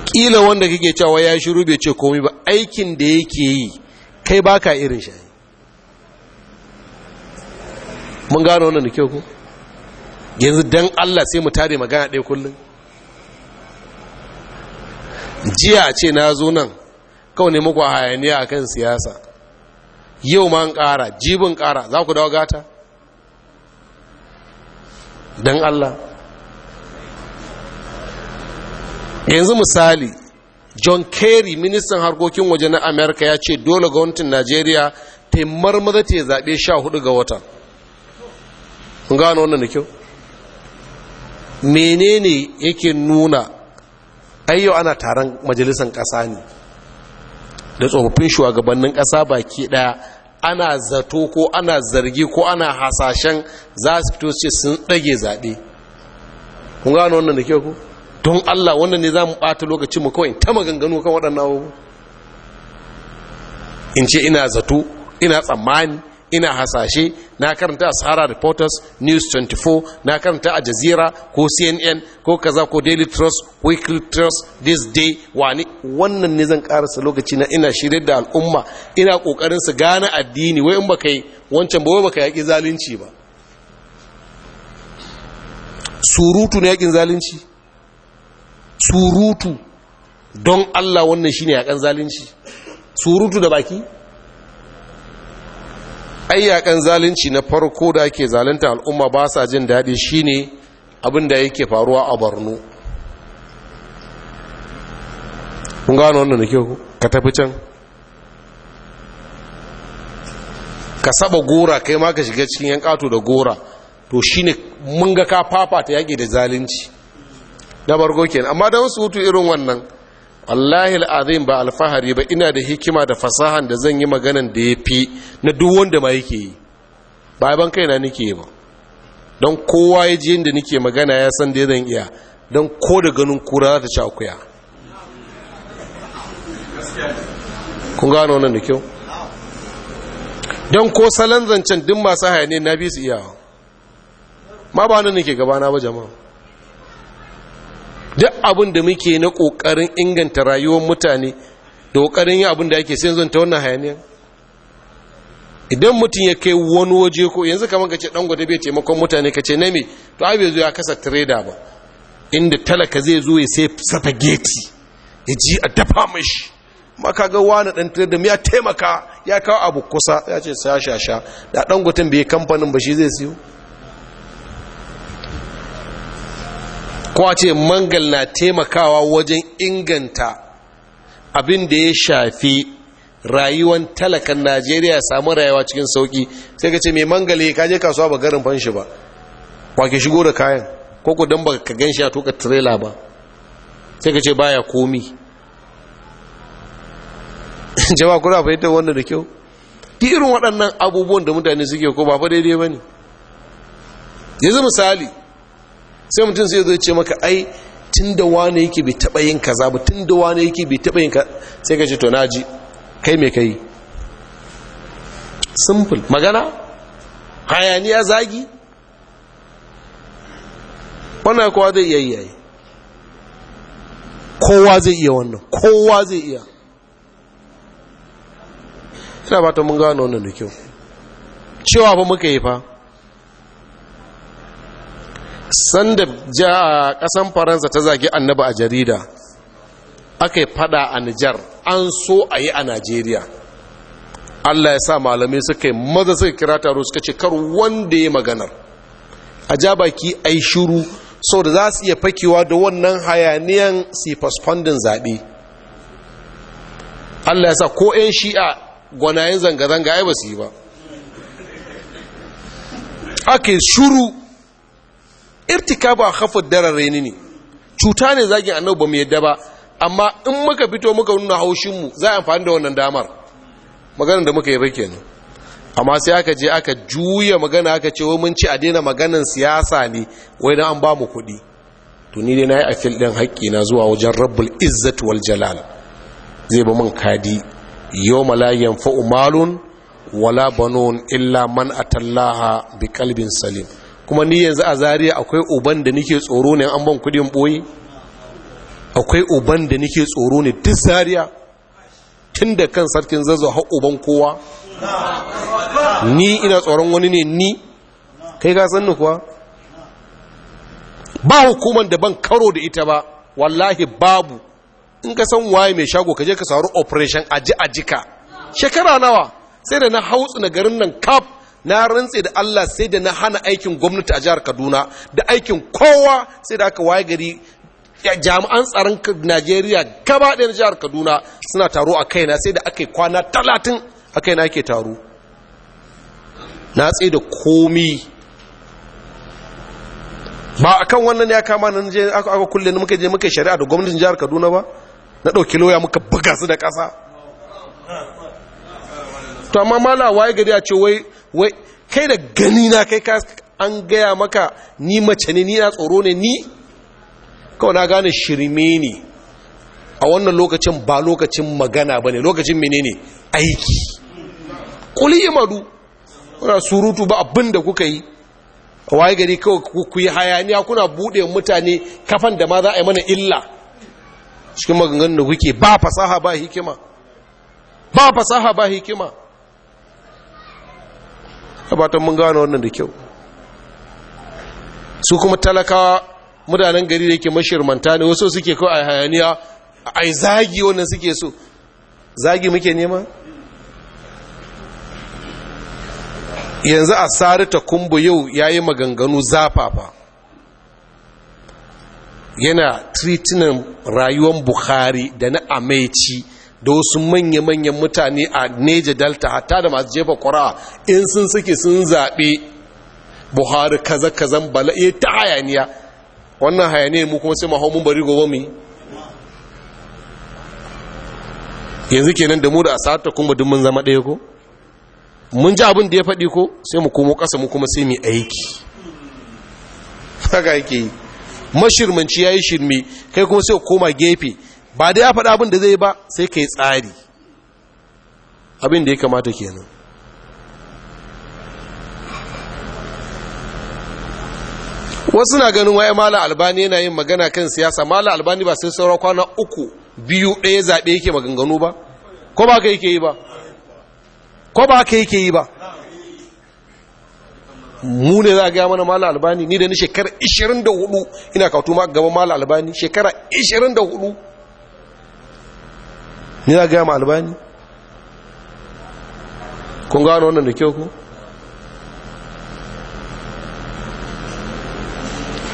ƙila wanda kake cewa ya shiru bai ce komi ba aikin da yake yi kai baka irin shi mun gano wannan da kyau ko yanzu don allah sai mu tare magana ɗaya kullum jiya ce na zo nan kawai ne muku hayaniya a kan siyasa yau ma an ƙara jibin ƙara za ku dawo gata don allah yanzu misali john kerry ministan harkokin waje na amerika ya ce dole gwamnatin najeriya ta yi marmaza ta zaɓe sha hudu ga watan gano wannan da kyau menene yake nuna yau ana taron majalisar kasa ne da tsofaffin shugabannin ƙasa baki ɗaya ana zato ko ana zargi ko ana hasashen za su fito ce sun ɗage zaɓe kun gano wannan da ke ku don allah wannan ne za mu ɓata lokacin mu kawai ta maganganu kan waɗannan abubu in ce ina zato ina tsammani ina hasashe na karanta a sahara reporters news 24 na karanta a jazira ko cnn ko kaza ko daily trust weekly trust this day wani wannan ne zan karasa lokaci na ina shirya da al'umma ina kokarin su gane addini wai in ba yi wancan ba wai baka yaƙi zalunci ba surutu na yaƙin zalunci surutu don allah wannan shine yaƙan zalunci surutu da baki ayyakan zalunci na farko da ake zalunta al'umma ba sa jin daɗi shine abin da yake faruwa a borno kun gano wannan da ke ka tafi can ka saba gora kai ma ka shiga cikin yan kato da gora to shine mun ga ka fafata yaƙi da zalunci na bargo kenan amma don su hutu irin wannan wallahi al'azim ba alfahari ba ina da hikima da fasahan da zan yi maganan da ya fi na duk wanda ma yake yi ba ban kaina nake ba don kowa ya ji yadda nake magana ya san da zan iya don ko da ganin kura za ta ci akuya kun gano wannan da kyau don ko salon zancen duk masu hayani na bi su iya. ma ba nan nake gabana ba jama'a duk abin da muke na kokarin inganta rayuwar mutane da ƙoƙarin yi abin da ake sai zan ta wannan hayaniyar idan mutum ya kai wani waje ko yanzu kamar ka ce ɗan gwada bai taimakon mutane ka ce na me to abu bai zo ya kasa tireda ba inda talaka zai zo ya sai safa geti ya ji a dafa mashi maka ga wani ɗan tireda ya taimaka ya kawo abu kusa ya ce sha sha da ɗan gwatan bai kamfanin ba shi zai siyo ko mangal na taimakawa wajen inganta abin da ya shafi rayuwan talakan najeriya samun rayuwa cikin sauki sai ka ce mai mangale ka je kasuwa ba garin fanshi ba kwake shigo da kayan ko ku don ba ka gan shi a tuka tirela ba sai ka ce baya komi jama kura fahimtar wannan da kyau irin waɗannan abubuwan da mutane suke ko ba fa daidai ba ne yanzu misali sai mutum sai zai ce maka ai tun da wane yake bai taɓa yin kaza ba tun da wane yake bai taɓa yin kaza sai ka ce to na ji kai mai kai simple magana hayaniya zagi wannan kowa zai iya yi kowa zai iya wannan kowa zai iya ina ba ta mun gano wannan da kyau cewa ba muka yi fa sanda ja kasan faransa ta zagi annaba a jarida aka yi fada a nijar an so a yi a najeriya allah ya sa malami suka yi maza suka kira taro suka ce kar wanda ya maganar a ja baki a yi shuru sau da za su iya fakewa da wannan hayaniyan fandin zaɓe allah ya sa ko 'yan shi'a gwanayen zanga-zanga ya ba su yi ba aka yi shuru irtikabu a daren reni ne cuta ne zagin annabi ba mu yadda ba amma in muka fito muka nuna haushin mu za a amfani da wannan damar maganar da muka yi ba ne amma sai aka je aka juya magana aka ce wai mun ci a daina maganar siyasa ne wai dan an ba mu kuɗi to ni dai na yi a fil ɗin haƙƙi na zuwa wajen rabbul izzat wal jalal zai ba man kadi yau malayan fa'umalun wala banun illa man atallaha bi kalbin salim kuma ni yanzu a zariya akwai uban da nike tsoro ne an ban kudin boye akwai uban da nike tsoro ne duk zariya tun da kan sarkin zazzau har uban kowa ni ina tsoron wani ne ni kai ka ni kuwa ba hukumar da ban karo da ita ba wallahi babu in ka san waye mai shago ka je ka saru operation aji ajika shekara nawa sai da na hautsu na garin nan kaf na rantse da Allah sai da na hana aikin gwamnati a jihar Kaduna da aikin kowa sai da aka waye gari jami'an tsaron Najeriya gaba ɗaya na jihar Kaduna suna taro a kaina sai da aka yi kwana talatin a kaina ake taro na tsaye da komi ba a kan wannan ya kama nan je aka kulle muka je muka shari'a da gwamnatin jihar Kaduna ba na ɗauki loya muka buga su da ƙasa to amma mala waye gari a ce wai wai kai da gani na kai ka an gaya maka ni mace ne ni na tsoro ne ni kawai na gane shirme ne a wannan lokacin ba lokacin magana ba ne lokacin menene aiki kuli yi madu kuna surutu ba abin da kuka yi waye gari kawai ku yi hayaniya kuna buɗe mutane kafan da ma za a yi mana illa cikin maganganun da kuke ba fasaha ba hikima ba fasaha ba hikima abatan mun gano wannan da kyau su kuma talakawa mudanen gari da ke mashirmanta ne wasu suke kawai a hayaniya a zagi wannan suke so zagi muke nema yanzu a ta kumbu yau ya yi maganganu zafafa yana tritinin rayuwar bukhari da na amaici da wasu manya-manyan mutane a neja delta hatta da masu jefa kura, in sun suke sun zaɓe buhari kaza-kazan bala'i eh, ta hayaniya wannan hayaniya mu kuma sai mahaumin bari gobe mu yanzu kenan da mu da asata kuma duk mun zama ɗaya ko mun ji abin da ya faɗi ko sai mu komo ƙasa mu kuma sai mu aiki haka yake yi mashirmanci ya yi shirme kai kuma sai koma gefe ba da ya faɗa abin da zai ba sai ka yi tsari abin da ya kamata kenan wasu na ganin waye mala albani yana yin magana kan siyasa mala albani ba sai saura kwana uku biyu ɗaya zaɓe yake maganganu ba ko ba ka yake yi ba ko ba ka yake yi ba mu ne za a gaya mana mala albani ni da ni shekara 24 ina kawo ma gaba mala albani shekara 24 ni za gaya ma albani kun gano wannan da kyau ku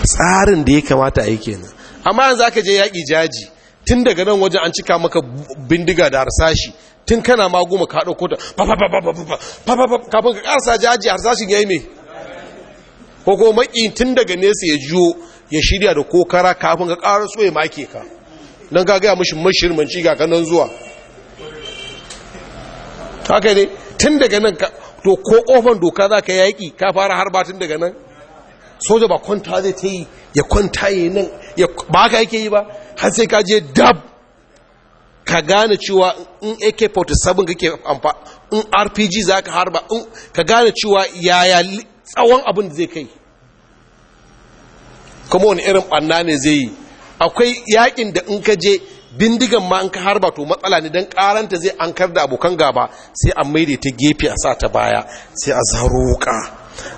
tsarin da ya kamata a yi kenan amma yanzu aka je yaƙi jaji tun daga nan wajen an cika maka bindiga da harsashi tun kana ma goma kaɗo ɗauko ta kafin ka ƙarsa jaji harsashin ya yi ne ko ko maƙi tun daga nesa ya jiyo ya shirya da kokara kafin ka ƙarar tsoye ya make ka don ka gaya mashi mashirmanci ga kanan zuwa haka ne tun daga nan to ko ofan doka za ka yaƙi ka fara harba tun daga nan soja ba kwanta zai ta yi ya kwanta yi nan ba ka yake yi ba har sai ka je dab ka gane cewa in ak-47 kake amfa in rpg za ka harba ka gane cewa yaya tsawon abin da zai kai kuma wani irin ɓanna ne zai yi akwai yakin da in ka je bindigan ma in ka harba to matsala ne don karanta zai an karda da abokan gaba sai a maida ta gefe a sa ta baya sai a zaro wuka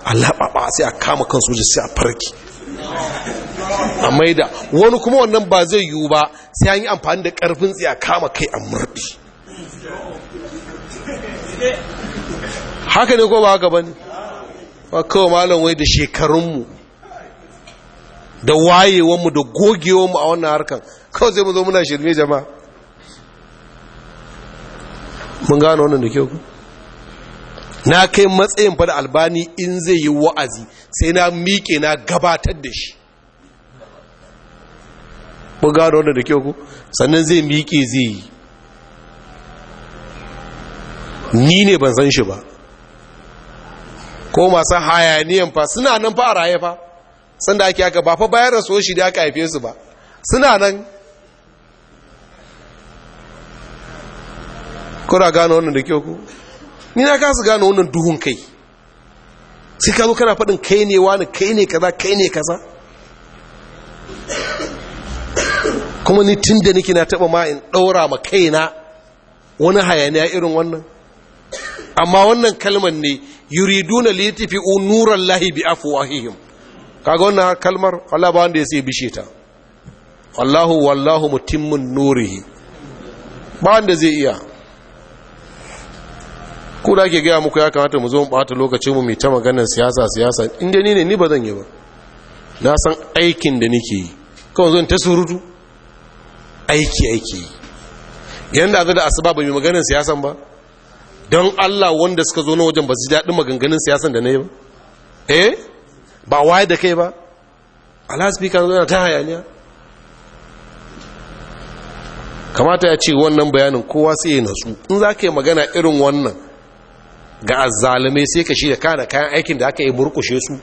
a laɓaɓa sai a kama kan soja sai a farki a maida wani kuma wannan ba zai yiwu ba sai an yi amfani da ƙarfin tsaye a kama kai a murɗi haka ne ko ba haka ba ba kawai malon wai da shekarunmu da wayewanmu da gogewanmu a wannan harkan kawai zai mu zo muna shirme jama'a mun gano wannan da kyau na kai matsayin fada albani in zai yi wa'azi sai na miƙe na gabatar da shi mun gano wannan da kyau ku sannan zai miƙe zai yi ni ne ban san shi ba ko masu hayaniyan fa suna nan fa a raye fa sanda ake aka ba fa bayan rasuwar shi da aka haife su ba suna nan kura gano wannan da kyau ku ni na kasu gano wannan duhun kai sai ka zo kana faɗin kai ne wani kai ne kaza kai ne kaza kuma ni tun da nake na taɓa ma in ɗaura ma kaina wani hayaniya irin wannan amma wannan kalmar ne na litifi'u nuran lahi bi hihim!" kaga wannan kalmar Allah ba wanda ya sai bishe ta wallahu wallahu mutimmun nurihi ba wanda zai iya ko da ke gaya muku ya kamata mu zo mu bata lokacin mu mai ta maganar siyasa siyasa inda ni ne ni ba zan yi ba na san aikin da nake yi kawai zan ta surutu aiki aiki yayin da da asuba ba mai maganar siyasan ba don Allah wanda suka zo na wajen ba su daɗin maganganun siyasan da na yi ba eh ba waye da kai ba a zo yana ta hayaniya kamata ya ce wannan bayanin kowa sai ya natsu in za ka yi magana irin wannan ga azzalumai sai ka shirya kana kayan aikin da aka yi murkushe su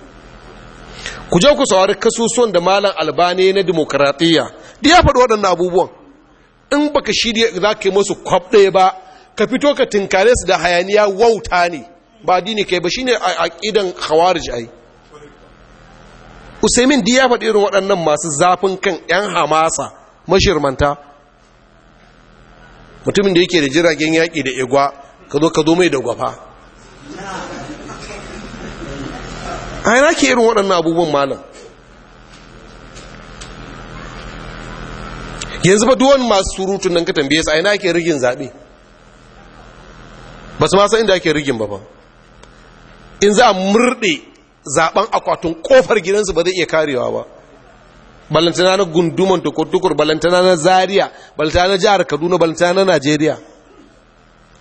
ku je ku saurari kasusuwan da malam albani na demokaratiyya da ya faɗi waɗannan abubuwan in baka shirya za ka yi musu kwab ɗaya ba ka fito ka tinkare su da hayaniya wauta ne ba dini kai ba shine a aƙidan khawarij ai usaimin di ya faɗi irin waɗannan masu zafin kan 'yan hamasa mashirmanta mutumin da yake da jiragen yaƙi da igwa ka zo ka zo mai da gwafa a yana ke irin waɗannan abubuwan malam yanzu ba duwan masu surutun nan ka tambaye su a yana ke rigin zaɓe ba su masu inda ake rigin ba ba in za a murɗe zaben akwatin kofar gidansu ba zai iya karewa ba balantana na gunduman tukur-tukur balantana na zaria balantana na jihar kaduna balantana na najeriya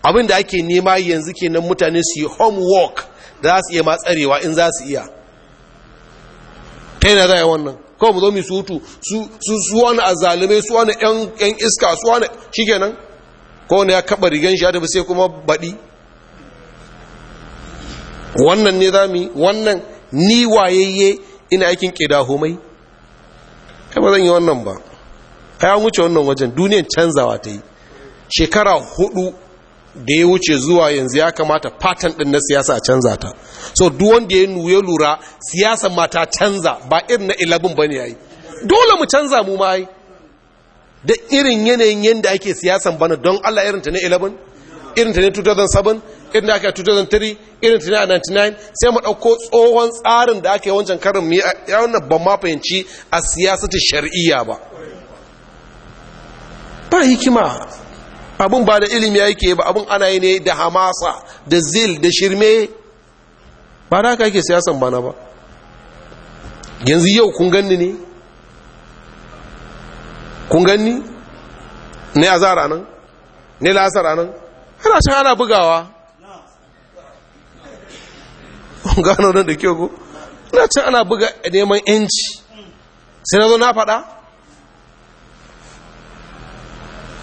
abin da ake nema yanzu ke nan mutane su yi homework da za su iya matsarewa in za su iya ta yana za a yi wannan kawai mu zo mu sutu su su wani azalume su wani yan iska su wani shikenan nan. wani ya kaba rigan shi ya tafi sai kuma baɗi wannan ne za mu yi wannan ni wayayye ina aikin ƙidahumai ya ba zan yi wannan ba ai an wuce wannan wajen duniyan canzawa ta yi shekara hudu da ya wuce zuwa yanzu ya kamata fatan ɗin na siyasa a canza ta so duk da ya nuye lura siyasa ma ta canza ba irin na ilabin ba ne ya yi dole mu canza mu ma yi da irin yanayin yadda ake siyasan bana don allah irin ta na Irin ta na 2007 irin da aka 2003 irin tana 99 sai mu ɗauko tsohon tsarin da aka yi wancan karin mu ya wani ban ma fahimci a siyasata shari'iyya ba ba hikima abin ba da ilimi ya yake ba abin ana yi ne da hamasa da zil da shirme ba da aka yake siyasan bana ba yanzu yau kun ganni ne kun ganni ne a zara nan ne la'asar nan ana can ana bugawa gano nan da kyau ko ina can ana buga neman yanci sai na zo na faɗa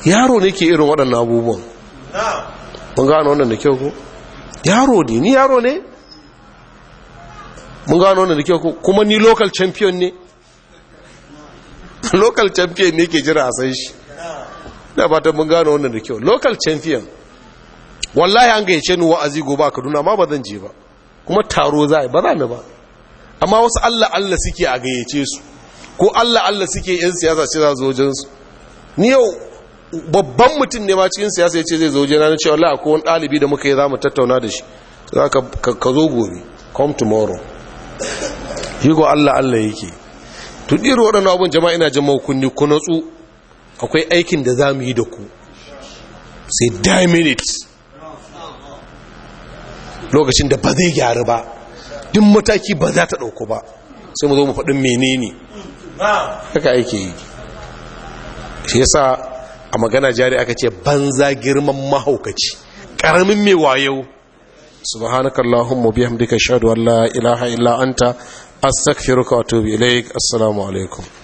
yaro ne ke irin waɗannan abubuwan mun gano wannan da kyau ko yaro ne ni yaro ne mun gano wannan da kyau ko kuma ni local champion ne local champion ne ke jira a san shi da fatan mun gano wannan da kyau local champion wallahi an gayyace ni wa'azi gobe a Kaduna amma ba zan je ba kuma taro za a ba za a ba amma wasu allah allah suke a gayyace su ko allah allah suke yan siyasa ce za a wajen su ni yau babban mutum ne ma cikin siyasa ya ce zai zo na cewa Allah ko wani ɗalibi da muka yi za mu tattauna da shi za ka zo gobe come tomorrow yi ko Allah Allah yake to ɗiro waɗannan abin jama'a ina jama'a kunni ku natsu akwai aikin da za mu yi da ku sai die minutes lokacin da ba zai gyaru ba duk mataki ba za ta ɗauku ba sai mu zo mu faɗin menene haka aiki yi shi yasa a magana jari aka ce banza girman mahaukaci ƙaramin mai wayo subhanakallahumma bihamdika ashhadu an la ilaha illa anta astaghfiruka wa atubu ilaik assalamu alaikum